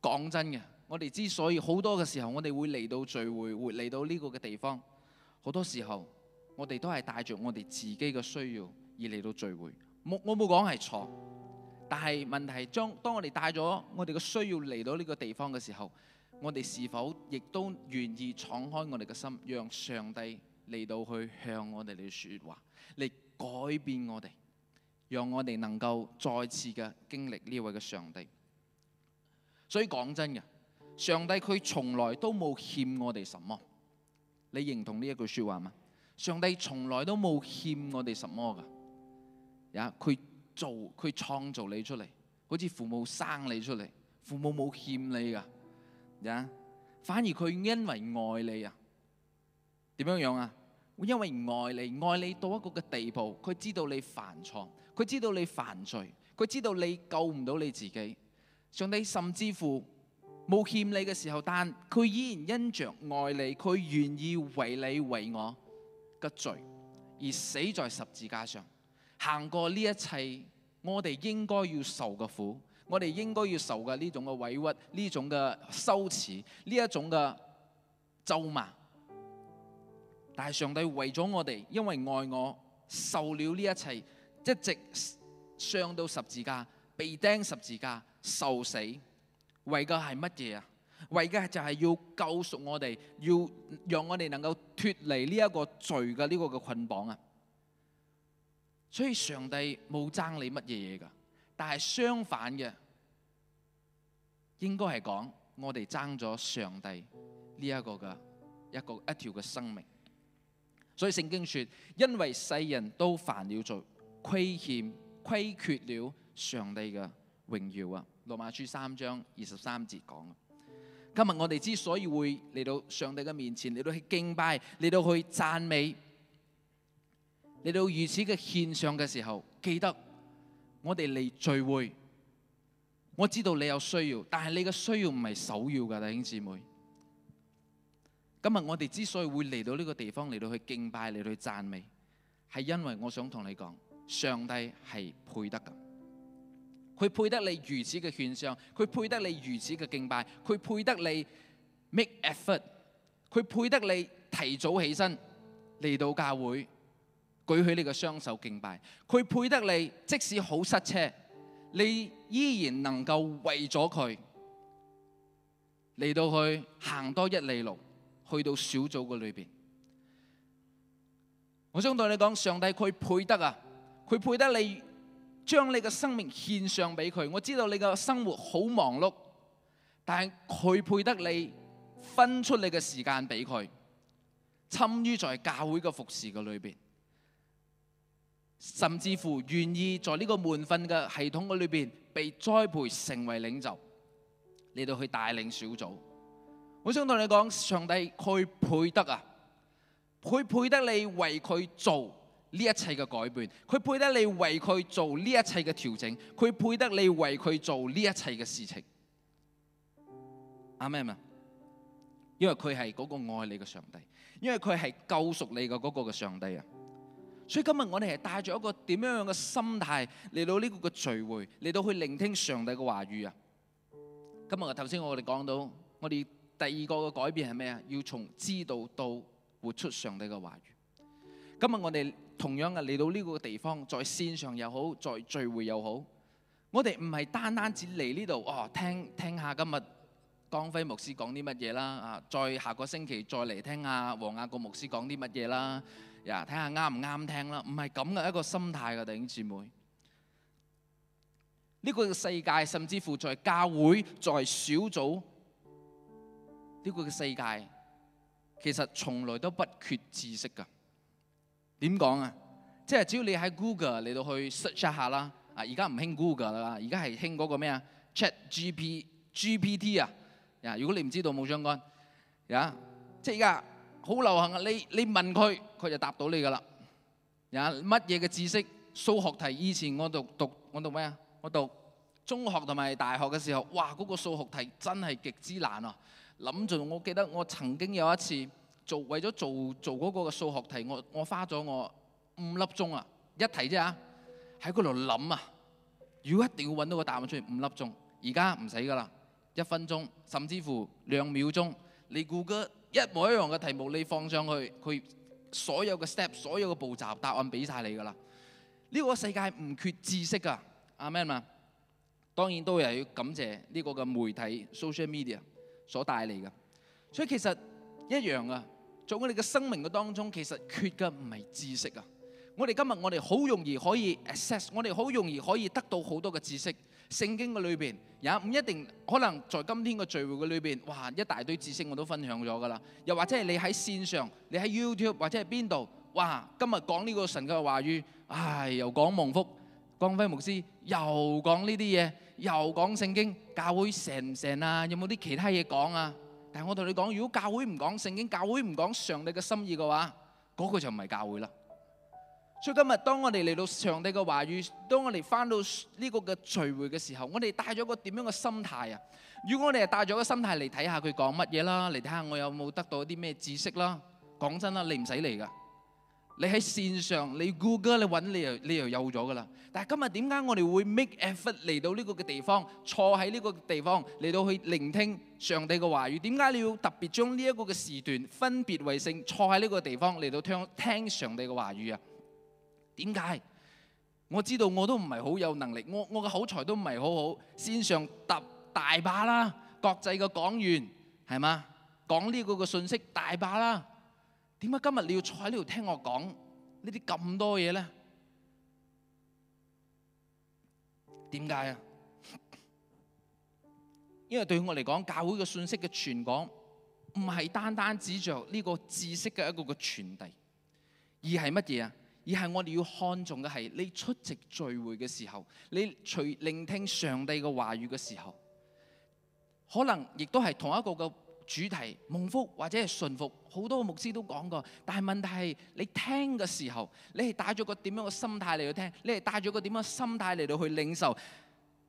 Speaker 1: 講真嘅，我哋之所以好多嘅時候，我哋會嚟到聚會，會嚟到呢個嘅地方，好多時候。我哋都係帶著我哋自己嘅需要而嚟到聚會，我我冇講係錯，但係問題係將當我哋帶咗我哋嘅需要嚟到呢個地方嘅時候，我哋是否亦都願意敞開我哋嘅心，讓上帝嚟到去向我哋嚟説話，嚟改變我哋，讓我哋能夠再次嘅經歷呢位嘅上帝。所以講真嘅，上帝佢從來都冇欠我哋什麼，你認同呢一句説話嗎？上帝從來都冇欠我哋什麼㗎，呀！佢做佢創造你出嚟，好似父母生你出嚟，父母冇欠你㗎，呀！反而佢因為愛你啊，點樣樣啊？因為愛你，愛你到一個嘅地步，佢知道你犯錯，佢知道你犯罪，佢知，知道你救唔到你自己。上帝甚至乎冇欠你嘅時候，但佢依然因着愛你，佢願意為你為我嘅罪而死在十字架上，行過呢一切，我哋應該要受嘅苦，我哋應該要受嘅呢種嘅委屈，呢種嘅羞恥，呢一種嘅咒罵。但係上帝為咗我哋，因為愛我，受了呢一切，一直上到十字架，被釘十字架，受死，為嘅係乜嘢？為嘅就係要救贖我哋，要讓我哋能夠脫離呢一個罪嘅呢個嘅捆綁啊。所以上帝冇爭你乜嘢嘢㗎，但係相反嘅，應該係講我哋爭咗上帝呢一個嘅一個一條嘅生命。所以聖經說，因為世人都犯了罪，虧欠虧缺了上帝嘅榮耀啊。羅馬書三章二十三節講。今日我哋之所以會嚟到上帝嘅面前，嚟到去敬拜，嚟到去讚美，嚟到如此嘅獻上嘅時候，記得我哋嚟聚會，我知道你有需要，但係你嘅需要唔係首要㗎，弟兄姊妹。今日我哋之所以會嚟到呢個地方，嚟到去敬拜，嚟到去讚美，係因為我想同你講，上帝係配得㗎。佢配得你如此嘅獻上，佢配得你如此嘅敬拜，佢配得你 make effort，佢配得你提早起身嚟到教會，舉起你嘅雙手敬拜，佢配得你即使好塞車，你依然能夠為咗佢嚟到去行多一里路，去到小組嘅裏邊。我想對你講，上帝佢配得啊，佢配得你。將你嘅生命獻上俾佢，我知道你嘅生活好忙碌，但係佢配得你分出你嘅時間俾佢，參于在教會嘅服侍嘅裏邊，甚至乎願意在呢個門訓嘅系統裏邊被栽培成為領袖，嚟到去帶領小組。我想同你講，上帝佢配得啊，佢配得你為佢做，呢一切嘅改變，佢配得你為佢做呢一切嘅調整，佢配得你為佢做呢一切嘅事情。阿們嘛？因為佢係嗰個愛你嘅上帝，因為佢係救贖你嘅嗰個嘅上帝啊。所以今日我哋係帶住一個點樣樣嘅心態嚟到呢個嘅聚會，嚟到去聆聽上帝嘅話語啊。今日頭先我哋講到，我哋第二個嘅改變係咩啊？要從知道到活出上帝嘅話語。今日我哋同樣嘅嚟到呢個地方，在線上又好，在聚會又好，我哋唔係單單只嚟呢度哦，聽聽下今日江輝牧師講啲乜嘢啦，啊，再下個星期再嚟聽下黃亞國牧師講啲乜嘢啦，呀，睇下啱唔啱聽啦，唔係咁嘅一個心態嘅弟兄姊妹。呢個世界甚至乎在教會、在小組呢個嘅世界，其實從來都不缺知識㗎。點講啊？即係只要你喺 Google 嚟到去 search 下啦。啊，而家唔興 Google 啦，而家係興嗰個咩啊？Chat G P G P T 啊。呀，如果你唔知道冇相干。呀，即係而家好流行啊！你你問佢，佢就答到你噶啦。呀，乜嘢嘅知識？數學題？以前我讀讀我讀咩啊？我讀中學同埋大學嘅時候，哇！嗰個數學題真係極之難啊！諗住我記得我曾經有一次。為了做為咗做做嗰個嘅數學題，我我花咗我五粒鐘啊，一題啫啊，喺嗰度諗啊，如果一定要揾到個答案出嚟，五粒鐘，而家唔使噶啦，一分鐘，甚至乎兩秒鐘，你估 o 一模一樣嘅題目，你放上去，佢所有嘅 step，所有嘅步驟，答案俾晒你噶啦。呢、這個世界唔缺知識啊，阿 men，當然都係要感謝呢個嘅媒體 social media 所帶嚟嘅。所以其實一樣啊。在我哋嘅生命嘅當中，其實缺嘅唔係知識啊！我哋今日我哋好容易可以 access，我哋好容易可以得到好多嘅知識。聖經嘅裏邊也唔一定，可能在今天嘅聚會嘅裏邊，哇，一大堆知識我都分享咗㗎喇。又或者係你喺線上，你喺 YouTube 或者係邊度，哇，今日講呢個神嘅話語，唉，又講蒙福，光輝牧師又講呢啲嘢，又講聖經，教會成唔成啊？有冇啲其他嘢講啊？但我同你講，如果教會唔講聖經，教會唔講上帝嘅心意嘅話，嗰個就唔係教會啦。所以今日當我哋嚟到上帝嘅話語，當我哋返到呢個嘅聚會嘅時候，我哋帶咗個點樣嘅心態啊？如果我哋係帶咗個心態嚟睇下佢講乜嘢啦，嚟睇下我有冇得到啲咩知識啦。講真啦，你唔使嚟㗎。你喺線上，你 Google 你揾你又你又有咗㗎喇。但係今日點解我哋會 make effort 嚟到呢個嘅地方，坐喺呢個地方嚟到去聆聽上帝嘅話語？點解你要特別將呢一個嘅時段分別為聖，坐喺呢個地方嚟到聽聽上帝嘅話語啊？點解？我知道我都唔係好有能力，我我嘅口才都唔係好好，線上搭大把啦，國際嘅講員，係嘛，講呢個嘅信息大把啦。點解今日你要坐喺呢度聽我講呢啲咁多嘢咧？點解啊？因為對我嚟講，教會嘅信息嘅傳講唔係單單指著呢個知識嘅一個嘅傳遞，而係乜嘢啊？而係我哋要看重嘅係你出席聚會嘅時候，你隨聆聽上帝嘅話語嘅時候，可能亦都係同一個嘅。主題蒙福或者係順服，好多牧師都講過。但係問題係你聽嘅時候，你係帶咗個點樣嘅心態嚟去聽？你係帶咗個點樣嘅心態嚟到去領受？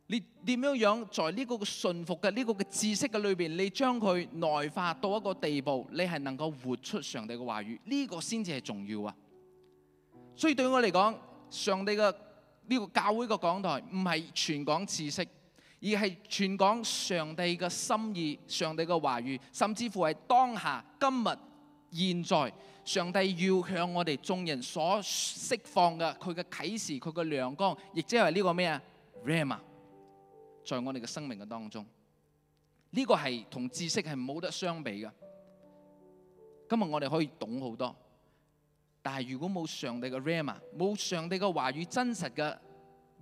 Speaker 1: 你點樣樣在呢個嘅順服嘅呢個嘅知識嘅裏邊，你將佢內化到一個地步，你係能夠活出上帝嘅話語，呢個先至係重要啊！所以對我嚟講，上帝嘅呢個教會嘅講台唔係全講知識。而係全講上帝嘅心意、上帝嘅話語，甚至乎係當下、今日、現在，上帝要向我哋眾人所釋放嘅佢嘅啟示、佢嘅亮光，亦即係呢個咩啊？rama，在我哋嘅生命嘅當中，呢、這個係同知識係冇得相比嘅。今日我哋可以懂好多，但係如果冇上帝嘅 rama，冇上帝嘅話語真實嘅，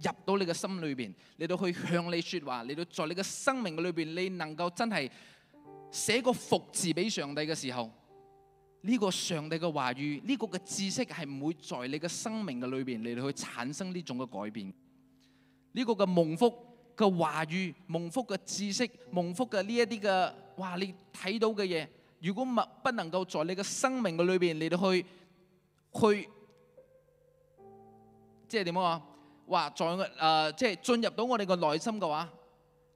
Speaker 1: 入到你嘅心裏邊，嚟到去向你說話，嚟到在你嘅生命裏邊，你能夠真係寫個福字俾上帝嘅時候，呢個上帝嘅話語，呢個嘅知識係唔會在你嘅生命嘅裏邊嚟到去產生呢種嘅改變。呢個嘅蒙福嘅話語，蒙福嘅知識，蒙福嘅呢一啲嘅，話，你睇到嘅嘢，如果唔不能夠在你嘅生命嘅裏邊嚟到去去，即係點樣啊？話在誒，即係進入到我哋個內心嘅話，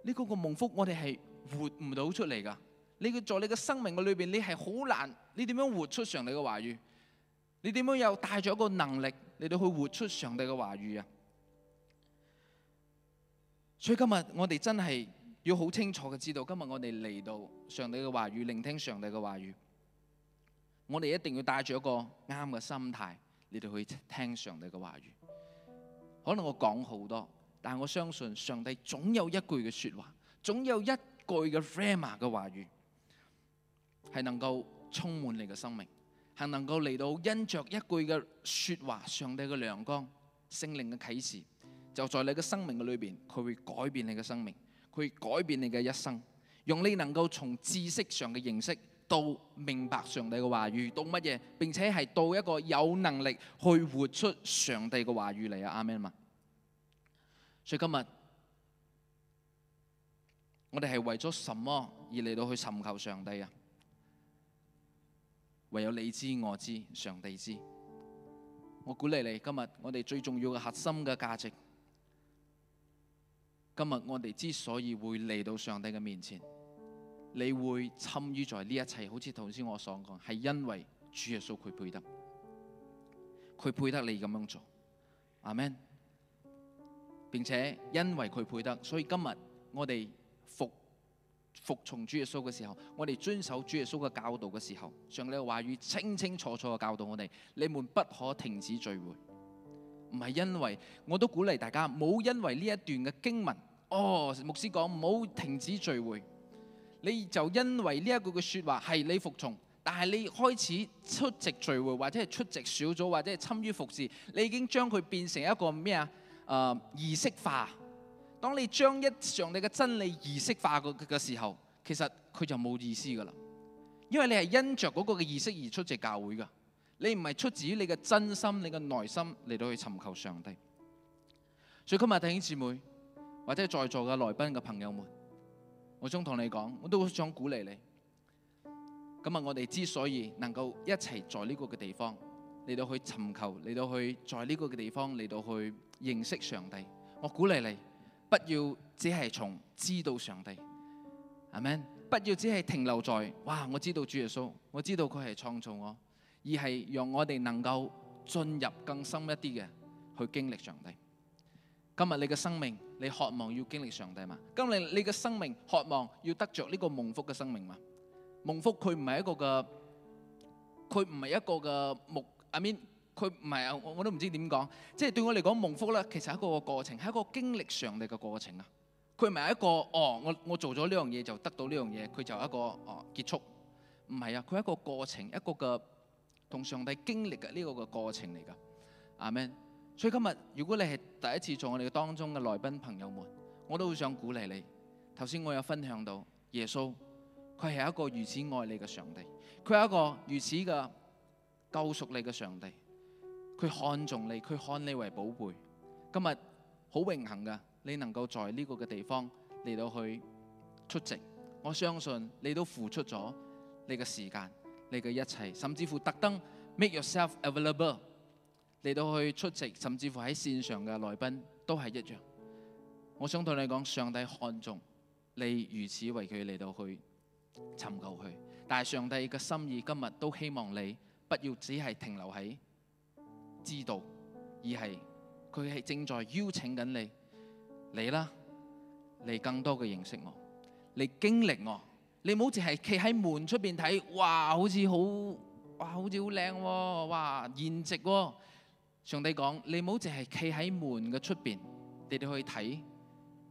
Speaker 1: 呢嗰個夢福，我哋係活唔到出嚟噶。你嘅，在你嘅生命嘅裏邊，你係好難，你點樣活出上帝嘅話語？你點樣又帶住一個能力你哋去活出上帝嘅話語啊？所以今日我哋真係要好清楚嘅知道，今日我哋嚟到上帝嘅話語，聆聽上帝嘅話語，我哋一定要帶住一個啱嘅心態，你哋去聽上帝嘅話語。可能我講好多，但我相信上帝總有一句嘅說話，總有一句嘅 rhema 嘅話語，係能夠充滿你嘅生命，係能夠嚟到，因着一句嘅說話，上帝嘅亮光，聖靈嘅啟示，就在你嘅生命嘅裏邊，佢會改變你嘅生命，佢會改變你嘅一生，讓你能夠從知識上嘅認識。到明白上帝嘅話語，到乜嘢，並且係到一個有能力去活出上帝嘅話語嚟啊？阿門啊？所以今日我哋係為咗什麼而嚟到去尋求上帝啊？唯有你知我知上帝知。我鼓勵你，今日我哋最重要嘅核心嘅價值，今日我哋之所以會嚟到上帝嘅面前。你會參與在呢一切，好似頭先我所講，係因為主耶穌佢配得，佢配得你咁樣做，阿們。並且因為佢配得，所以今日我哋服服從主耶穌嘅時候，我哋遵守主耶穌嘅教導嘅時候，上領話語清清楚楚嘅教導我哋，你們不可停止聚會，唔係因為我都鼓勵大家冇因為呢一段嘅經文哦，牧師講冇停止聚會。你就因為呢一句嘅説話係你服從，但係你開始出席聚會或者係出席小組，或者係參與服侍，你已經將佢變成一個咩啊？誒、呃、儀式化。當你將一上你嘅真理儀式化個嘅時候，其實佢就冇意思噶啦。因為你係因着嗰個嘅儀式而出席教會噶，你唔係出自於你嘅真心、你嘅內心嚟到去尋求上帝。所以今日弟兄姊妹或者在座嘅來賓嘅朋友們。我想同你講，我都想鼓勵你。咁啊，我哋之所以能夠一齊在呢個嘅地方嚟到去尋求，嚟到去在呢個嘅地方嚟到去認識上帝，我鼓勵你，不要只係從知道上帝，係咪？不要只係停留在哇，我知道主耶穌，我知道佢係創造我，而係讓我哋能夠進入更深一啲嘅，去經歷上帝。今日你嘅生命，你渴望要經歷上帝嘛？今日你嘅生命渴望要得着呢個蒙福嘅生命嘛？蒙福佢唔係一個嘅，佢唔係一個嘅目，阿 min，佢唔係啊，我都唔知點講。即係對我嚟講，蒙福咧，其實係一個過程，係一個經歷上帝嘅過程啊。佢唔係一個哦，我我做咗呢樣嘢就得到呢樣嘢，佢就一個哦結束。唔係啊，佢係一個過程，一個嘅同上帝經歷嘅呢個嘅過程嚟噶，阿們。所以今日如果你係第一次做我哋當中嘅來賓朋友們，我都好想鼓勵你。頭先我有分享到，耶穌佢係一個如此愛你嘅上帝，佢係一個如此嘅救贖你嘅上帝。佢看重你，佢看你為寶貝。今日好榮幸㗎，你能夠在呢個嘅地方嚟到去出席。我相信你都付出咗你嘅時間、你嘅一切，甚至乎特登 make yourself available。嚟到去出席，甚至乎喺線上嘅來賓都係一樣。我想對你講，上帝看重你如此為佢嚟到去尋求佢，但係上帝嘅心意今日都希望你不要只係停留喺知道，而係佢係正在邀請緊你，嚟啦，你更多嘅認識我，你經歷我，你唔好淨係企喺門出邊睇，哇，好似好，哇，好似好靚喎，哇，現實喎，哦。上帝講，你唔好淨係企喺門嘅出邊，你哋去睇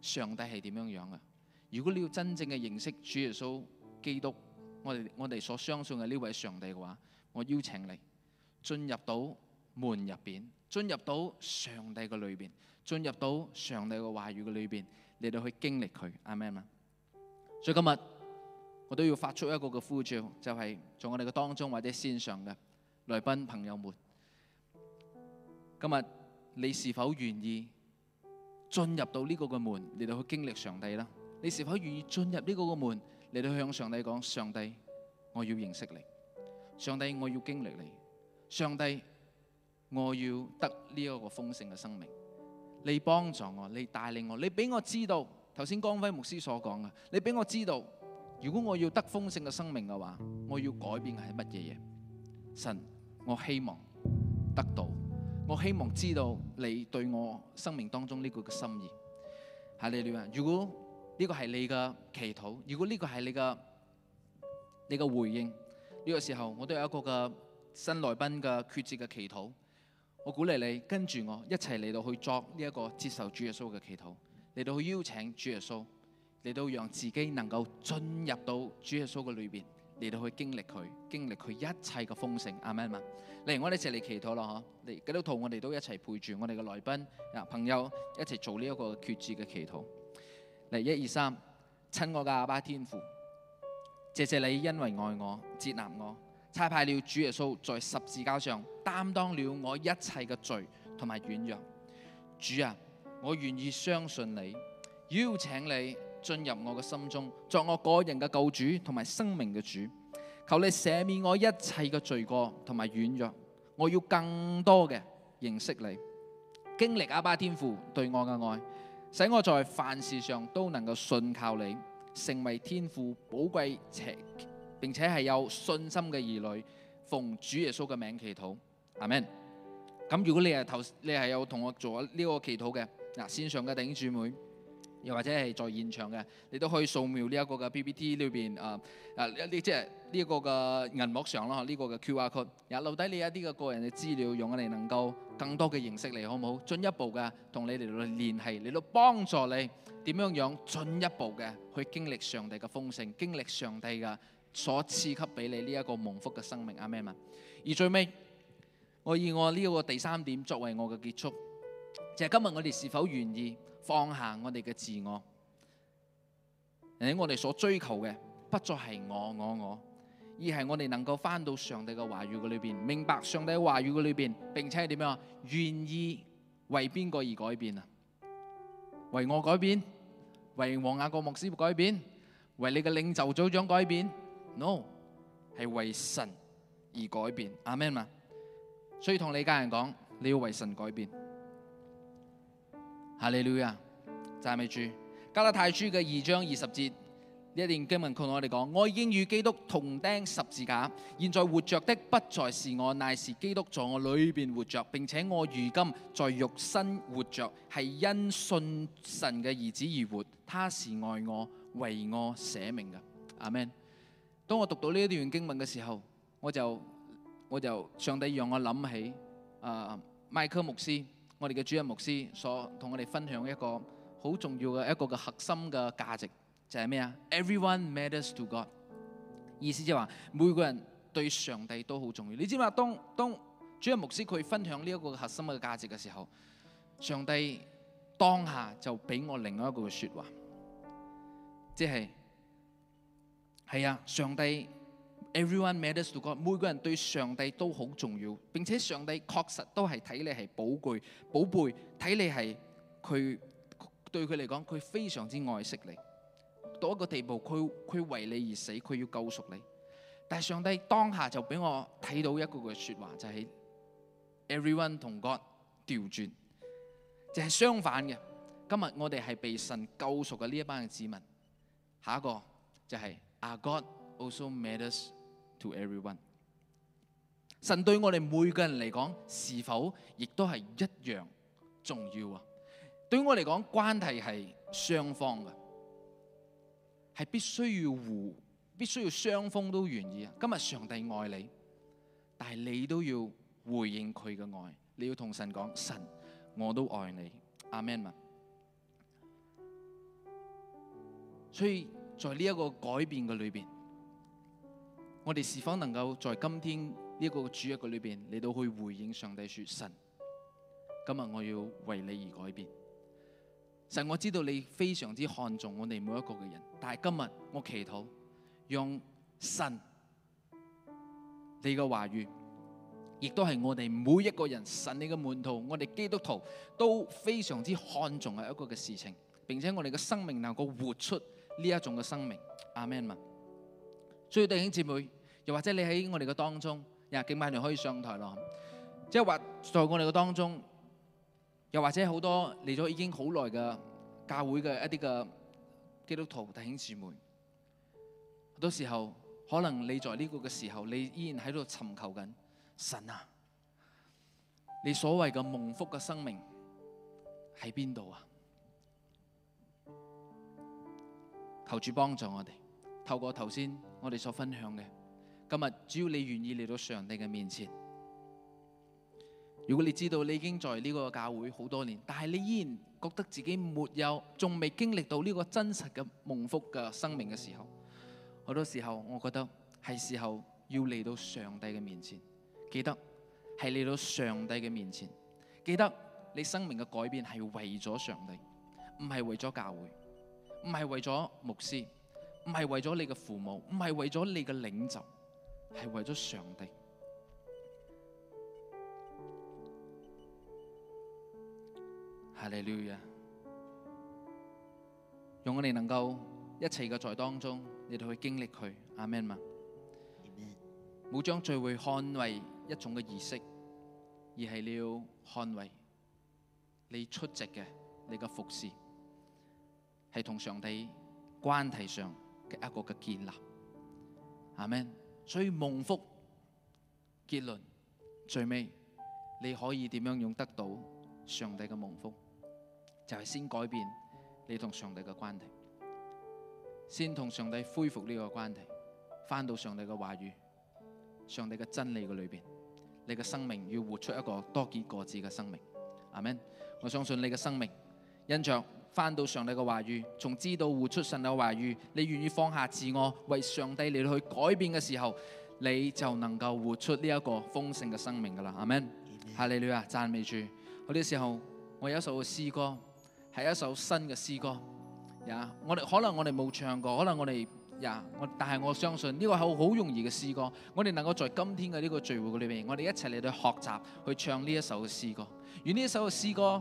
Speaker 1: 上帝係點樣樣噶。如果你要真正嘅認識主耶穌基督，我哋我哋所相信嘅呢位上帝嘅話，我邀請你進入到門入邊，進入到上帝嘅裏邊，進入到上帝嘅話語嘅裏邊，你哋去經歷佢，啱唔啱嘛？所以今日我都要發出一個嘅呼召，就係在我哋嘅當中或者線上嘅來賓朋友們。今日你是否願意進入到呢個嘅門嚟到去經歷上帝啦？你是否願意進入呢個嘅門嚟到去向上帝講？上帝，我要認識你，上帝，我要經歷你，上帝，我要得呢一個豐盛嘅生命。你幫助我，你帶領我，你俾我知道頭先光輝牧師所講嘅，你俾我知道，如果我要得豐盛嘅生命嘅話，我要改變嘅係乜嘢嘢？神，我希望得到。我希望知道你對我生命當中呢個嘅心意，喺你裏邊。如果呢個係你嘅祈禱，如果呢個係你嘅你嘅回應，呢個時候我都有一個嘅新來賓嘅決志嘅祈禱。我鼓勵你跟住我一齊嚟到去作呢一個接受主耶穌嘅祈禱，嚟到去邀請主耶穌，嚟到讓自己能夠進入到主耶穌嘅裏邊。嚟到去經歷佢，經歷佢一切嘅豐盛，阿們嘛。嚟，我哋一齊嚟祈禱咯，嗬、啊。嚟，基督徒我哋都一齊陪住我哋嘅來賓啊朋友一齊做呢一個決志嘅祈禱。嚟，一二三，親我嘅阿爸天父，謝謝你因為愛我，接納我，差派了主耶穌在十字架上擔當了我一切嘅罪同埋軟弱。主啊，我願意相信你，邀請你。進入我嘅心中，作我個人嘅救主同埋生命嘅主，求你赦免我一切嘅罪過同埋軟弱。我要更多嘅認識你，經歷阿爸天父對我嘅愛，使我在凡事上都能夠信靠你，成為天父寶貴且並且係有信心嘅兒女。奉主耶穌嘅名祈禱，阿門。咁如果你係頭，你係有同我做呢個祈禱嘅嗱，線上嘅弟兄姊妹，又或者係在現場嘅，你都可以掃描呢一個嘅 PPT 裏邊啊啊，一啲即係呢一個嘅銀幕上咯，呢個嘅 QR code，也留低你一啲嘅個人嘅資料，讓我哋能夠更多嘅認識你，好唔好？進一步嘅同你哋嚟聯繫，嚟到幫助你點樣樣進一步嘅去經歷上帝嘅豐盛，經歷上帝嘅所賜給俾你呢一個蒙福嘅生命。阿們，而最尾我以我呢個第三點作為我嘅結束，就係今日我哋是否願意？放下我哋嘅自我，我哋所追求嘅不再係我我我，而係我哋能夠翻到上帝嘅話語裏邊，明白上帝嘅話語裏邊，並且係點樣啊？願意為邊個而改變啊？為我改變，為王亞國牧師改變，為你嘅領袖組長改變？No，係為神而改變，啱唔啱啊？Amen? 所以同你家人講，你要為神改變。哈利路亞，讚美主，加拉太書嘅二章二十節呢一段經文同我哋講：我已經與基督同釘十字架，現在活着的不再是我，乃是基督在我裏邊活着，並且我如今在肉身活着，係因信神嘅兒子而活，他是愛我、為我捨命嘅。阿門。當我讀到呢一段經文嘅時候，我就我就上帝讓我諗起啊，麥克牧師。我哋嘅主任牧師所同我哋分享一個好重要嘅一個嘅核心嘅價值就係咩啊？Everyone matters to God，意思即係話每個人對上帝都好重要。你知唔知？當當主任牧師佢分享呢一個核心嘅價值嘅時候，上帝當下就俾我另外一句說話，即係係啊，上帝。Everyone matters to God，每個人對上帝都好重要。並且上帝確實都係睇你係寶貝，寶貝睇你係佢對佢嚟講，佢非常之愛惜你。到一個地步，佢佢為你而死，佢要救贖你。但係上帝當下就俾我睇到一句句説話，就係、是、Everyone 同 God 調轉，就係、是、相反嘅。今日我哋係被神救贖嘅呢一班嘅子民。下一個就係、是、阿 God also matters。to everyone，神對我哋每個人嚟講，是否亦都係一樣重要啊？對我嚟講，關係係雙方嘅，係必須要互，必須要雙方都願意啊。今日上帝愛你，但係你都要回應佢嘅愛，你要同神講：神，我都愛你。阿門嘛。所以在呢一個改變嘅裏邊。我哋是否能夠在今天呢個主日嘅裏邊嚟到去回應上帝？説神，今日我要為你而改變。神，我知道你非常之看重我哋每一個嘅人，但係今日我祈禱，用神你嘅話語，亦都係我哋每一個人，神你嘅門徒，我哋基督徒都非常之看重係一個嘅事情。並且我哋嘅生命能夠活出呢一種嘅生命。阿 Man。所以弟兄姊妹，又或者你喺我哋嘅當中，廿幾萬年可以上台咯。即係話在我哋嘅當中，又或者好多嚟咗已經好耐嘅教會嘅一啲嘅基督徒弟兄姊妹，好多時候可能你在呢個嘅時候，你依然喺度尋求緊神啊！你所謂嘅蒙福嘅生命喺邊度啊？求主幫助我哋。透過頭先我哋所分享嘅，今日只要你願意嚟到上帝嘅面前，如果你知道你已經在呢個教會好多年，但係你依然覺得自己沒有，仲未經歷到呢個真實嘅蒙福嘅生命嘅時候，好多時候我覺得係時候要嚟到上帝嘅面前。記得係嚟到上帝嘅面前，記得你生命嘅改變係為咗上帝，唔係為咗教會，唔係為咗牧師。唔係為咗你嘅父母，唔係為咗你嘅領袖，係為咗上帝。哈利路亞，用我哋能夠一齊嘅在當中，你哋去經歷佢。阿 Man，嘛。冇將聚會看為一種嘅儀式，而係你要捍衛你出席嘅你嘅服侍，係同上帝關係上。嘅一個嘅建立，阿們，所以蒙福結論最尾，你可以點樣用得到上帝嘅蒙福？就係、是、先改變你同上帝嘅關係，先同上帝恢復呢個關係，翻到上帝嘅話語、上帝嘅真理嘅裏邊，你嘅生命要活出一個多結果子嘅生命，阿們，我相信你嘅生命印象。翻到上帝嘅話語，從知道活出上帝嘅話語，你願意放下自我，為上帝你去改變嘅時候，你就能夠活出呢一個豐盛嘅生命噶啦，阿門？哈利路亞，讚美主。嗰啲時候，我有一首嘅詩歌，係一首新嘅詩歌，呀、yeah,，我哋可能我哋冇唱過，可能我哋呀，yeah, 我但係我相信呢個係好容易嘅詩歌，我哋能夠在今天嘅呢個聚會裏面，我哋一齊嚟到學習去唱呢一首嘅詩歌，而呢一首嘅詩歌。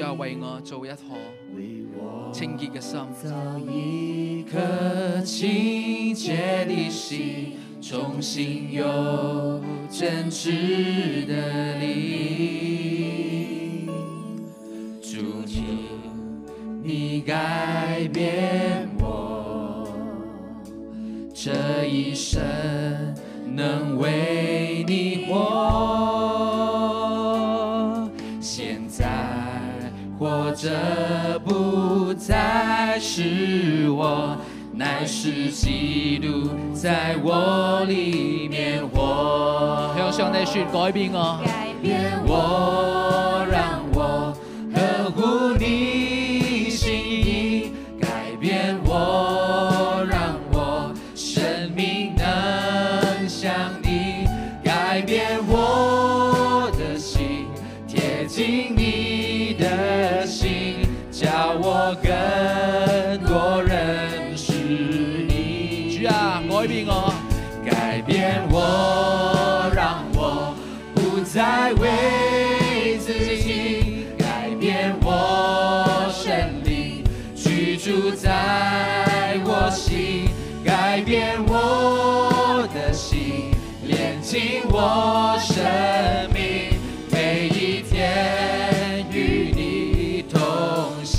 Speaker 1: 要為我做一顆清潔嘅心，我一造一顆清潔的心，重新又
Speaker 2: 真摯的你，注定你改變我，這一生能為你活。是基督在我裏面活，
Speaker 1: 向上來說改變
Speaker 2: 我。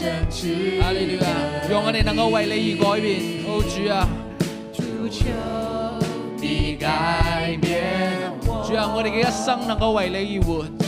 Speaker 3: 阿里里我哋能夠為你而改變，阿、哦、主啊！
Speaker 2: 主求
Speaker 3: 你改變我，主啊，我哋嘅一生能夠為你而活。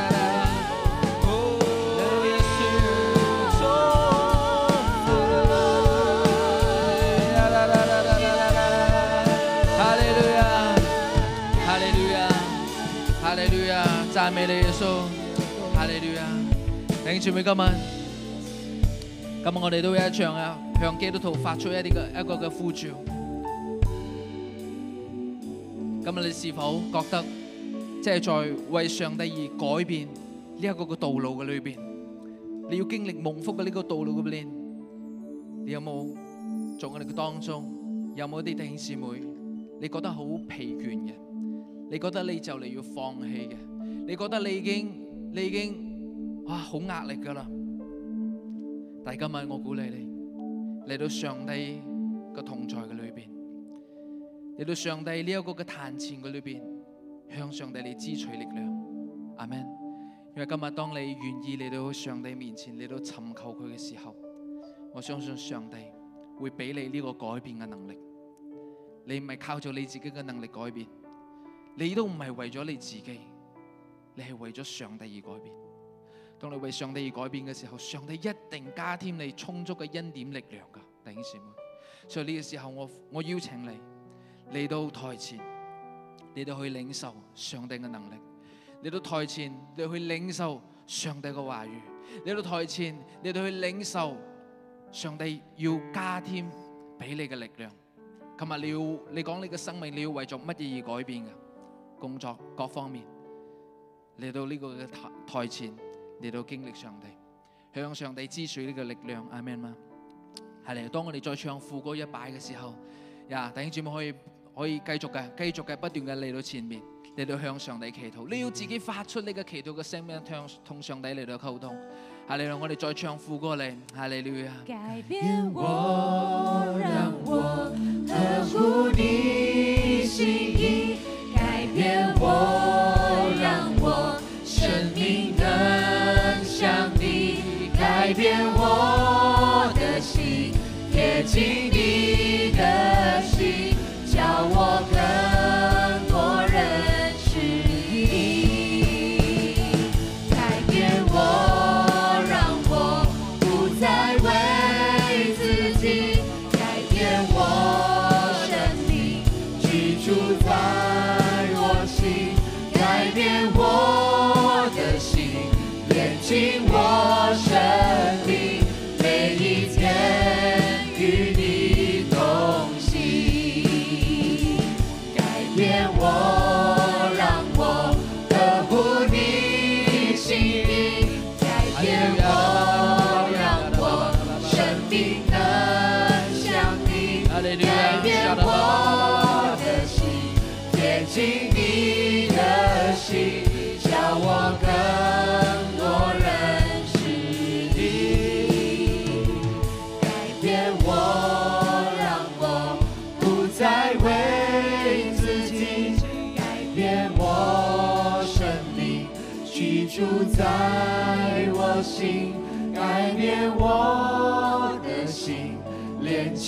Speaker 3: 美麗耶穌，哈利路亞！弟兄姊妹，今日，
Speaker 1: 今日我哋都有一場啊，向基督徒發出一啲嘅一個嘅呼召。今日你是否覺得，即係在為上帝而改變呢一個嘅道路嘅裏邊，你要經歷蒙福嘅呢個道路嘅裏邊，你有冇做我哋嘅當中？有冇啲弟兄姊妹，你覺得好疲倦嘅？你覺得你就嚟要放棄嘅？你覺得你已經你已經哇好壓力噶啦，但係今日我鼓勵你嚟到上帝個同在嘅裏邊嚟到上帝呢一個嘅壇前嘅裏邊，向上帝你支取力量。阿門，因為今日當你願意嚟到上帝面前嚟到尋求佢嘅時候，我相信上帝會俾你呢個改變嘅能力。你唔係靠住你自己嘅能力改變，你都唔係為咗你自己。你係為咗上帝而改變。當你為上帝而改變嘅時候，上帝一定加添你充足嘅恩典力量噶。弟兄姊妹，所以呢個時候，我我邀請你嚟到台前，你哋去領受上帝嘅能力；嚟到台前，你哋去領受上帝嘅話語；嚟到台前，你哋去領受上帝要加添俾你嘅力量。琴日你要你講你嘅生命，你要為咗乜嘢而改變嘅工作各方面。嚟到呢個嘅台前，嚟到經歷上帝，向上帝支取呢個力量，阿們嗎，係嚟當我哋再唱副歌一擺嘅時候，呀、嗯，弟兄姊妹可以可以繼續嘅，繼續嘅，不斷嘅嚟到前面，嚟到向上帝祈禱，嗯、你要自己發出呢個祈禱嘅聲音，向同上帝嚟到溝通，係嚟、嗯、我哋再唱副歌嚟，係嚟了呀。
Speaker 2: 改變我的心，也近。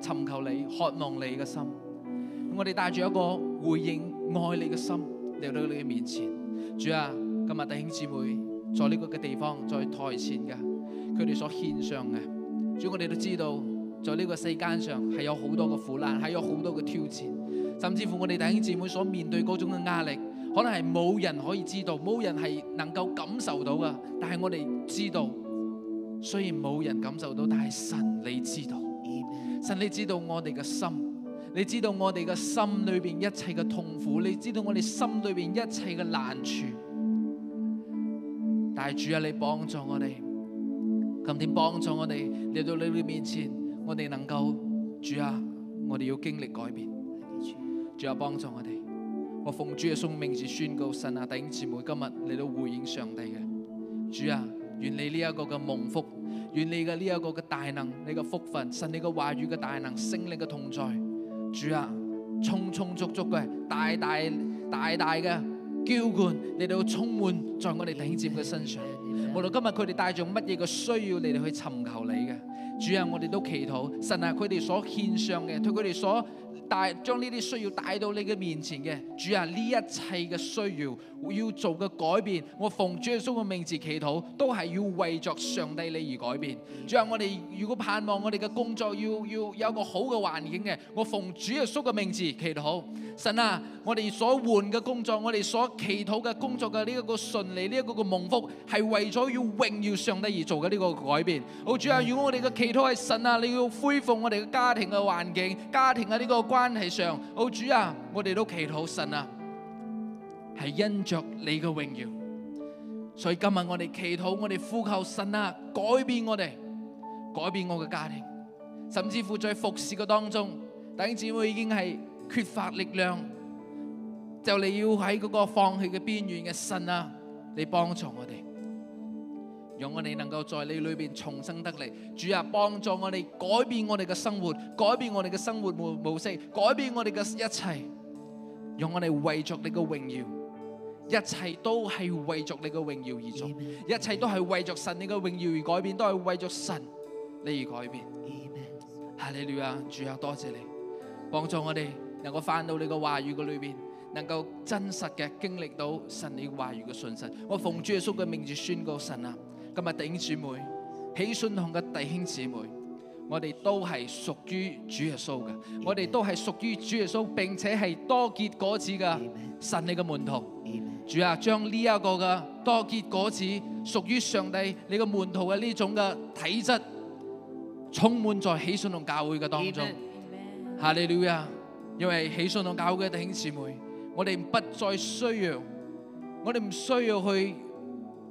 Speaker 1: 尋求你、渴望你嘅心，我哋帶住一個回應、愛你嘅心嚟到你嘅面前，主啊，今日弟兄姊妹在呢個嘅地方，在台前嘅，佢哋所獻上嘅，主啊，我哋都知道，在呢個世間上係有好多嘅苦難，係有好多嘅挑戰，甚至乎我哋弟兄姊妹所面對嗰種嘅壓力，可能係冇人可以知道，冇人係能夠感受到噶，但係我哋知道，雖然冇人感受到，但係神你知道。神，你知道我哋嘅心，你知道我哋嘅心裏邊一切嘅痛苦，你知道我哋心裏邊一切嘅難處。但係主啊，你幫助我哋，今天幫助我哋嚟到你面前，我哋能夠，主啊，我哋要經歷改變。主啊，幫助我哋，我奉主嘅聖名，是宣告，神啊，弟兄姊妹，今日嚟到回應上帝嘅，主啊，願你呢一個嘅蒙福。願你嘅呢一個嘅大能，你嘅福分，神你嘅話語嘅大能，勝你嘅同在，主啊，充充足足嘅大大大大嘅澆灌，你哋要充滿在我哋頂尖嘅身上。無論今日佢哋帶住乜嘢嘅需要，你哋去尋求你嘅主啊，我哋都祈禱，神係佢哋所獻上嘅，同佢哋所。帶將呢啲需要帶到你嘅面前嘅，主啊，呢一切嘅需要要做嘅改變，我奉主耶穌嘅名字祈禱，都係要為着上帝你而改變。主啊，我哋如果盼望我哋嘅工作要要有個好嘅環境嘅，我奉主耶穌嘅名字祈禱，神啊，我哋所換嘅工作，我哋所祈禱嘅工作嘅呢一個順利呢一個嘅蒙福，係為咗要榮耀上帝而做嘅呢個改變。好，主啊，如果我哋嘅祈禱係神啊，你要恢復我哋嘅家庭嘅環境，家庭嘅呢個關。關係上，奧主啊，我哋都祈禱神啊，係因着你嘅榮耀，所以今日我哋祈禱，我哋呼求神啊，改變我哋，改變我嘅家庭，甚至乎在服侍嘅當中，弟兄姊妹已經係缺乏力量，就嚟要喺嗰個放棄嘅邊緣嘅神啊，你幫助我哋。讓我哋能夠在你裏邊重生得嚟，主啊，幫助我哋改變我哋嘅生活，改變我哋嘅生活模模式，改變我哋嘅一切。讓我哋為着你嘅榮耀，一切都係為着你嘅榮耀而做，一切都係為着神你嘅榮耀而改變，都係為着神你而改變。哈利路亞，主啊，多謝你，幫助我哋能夠返到你嘅話語嘅裏邊，能夠真實嘅經歷到神你話語嘅信實。我奉主耶穌嘅名字宣告神啊！今日弟兄姊妹，喜信堂嘅弟兄姊妹，我哋都係屬於主耶穌嘅，我哋都係屬於主耶穌，並且係多結果子嘅神，你嘅門徒，主啊，將呢一個嘅多結果子，屬於上帝你嘅門徒嘅呢種嘅體質，充滿在喜信堂教會嘅當中。哈利路亞！因為喜信堂教會嘅弟兄姊妹，我哋不再需要，我哋唔需要去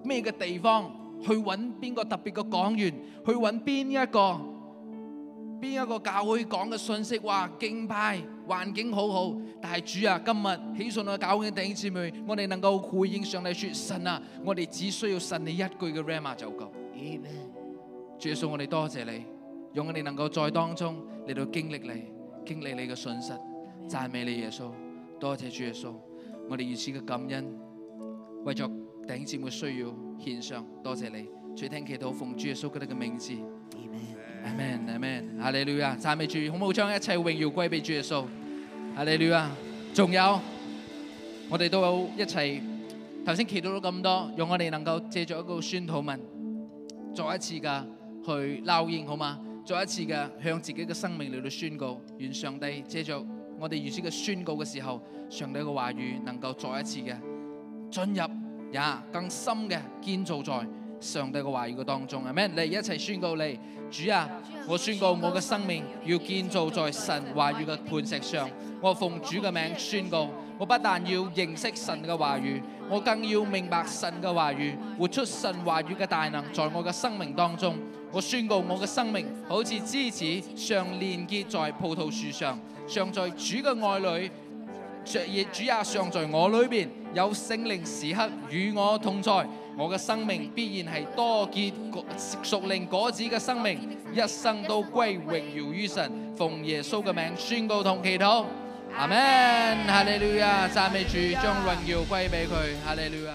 Speaker 1: 咩嘅地方。去揾邊個特別嘅講員，去揾邊一個邊一個教會講嘅信息，話敬拜環境好好，但係主啊，今日起信我教會弟兄姊妹，我哋能夠回應上嚟，説神啊，我哋只需要信你一句嘅 rama 就夠。主耶穌，我哋多謝你，讓我哋能夠在當中嚟到經歷你，經歷你嘅信實，讚美你耶穌，多謝主耶穌，我哋如此嘅感恩，為著。頂尖嘅需要獻上，多謝你。在聽祈禱奉主耶穌基督嘅名字。阿 Man，阿 Man，阿利路亞，讚美主，好唔好將一切榮耀歸俾主耶穌？阿利路亞，仲有我哋都有一齊頭先祈禱咗咁多，用我哋能夠借著一個宣討文，再一次嘅去撈應，好嗎？再一次嘅向自己嘅生命嚟到宣告，願上帝借着我哋如此嘅宣告嘅時候，上帝嘅話語能夠再一次嘅進入。也更深嘅建造在上帝嘅話語嘅當中，係咪？你一齊宣告你主啊！我宣告我嘅生命要建造在神話語嘅磐石上。我奉主嘅名宣告，我不但要認識神嘅話語，我更要明白神嘅話語，活出神話語嘅大能，在我嘅生命當中。我宣告我嘅生命好似枝子常連結在葡萄樹上，常在主嘅愛裏，而主也常在我裏邊。有聖靈時刻與我同在，我嘅生命必然係多結熟靈果子嘅生命，一生都歸榮耀於神。奉耶穌嘅名宣告同祈禱，阿門！哈利路亞！讚美主，將榮耀歸俾佢！哈利路亞！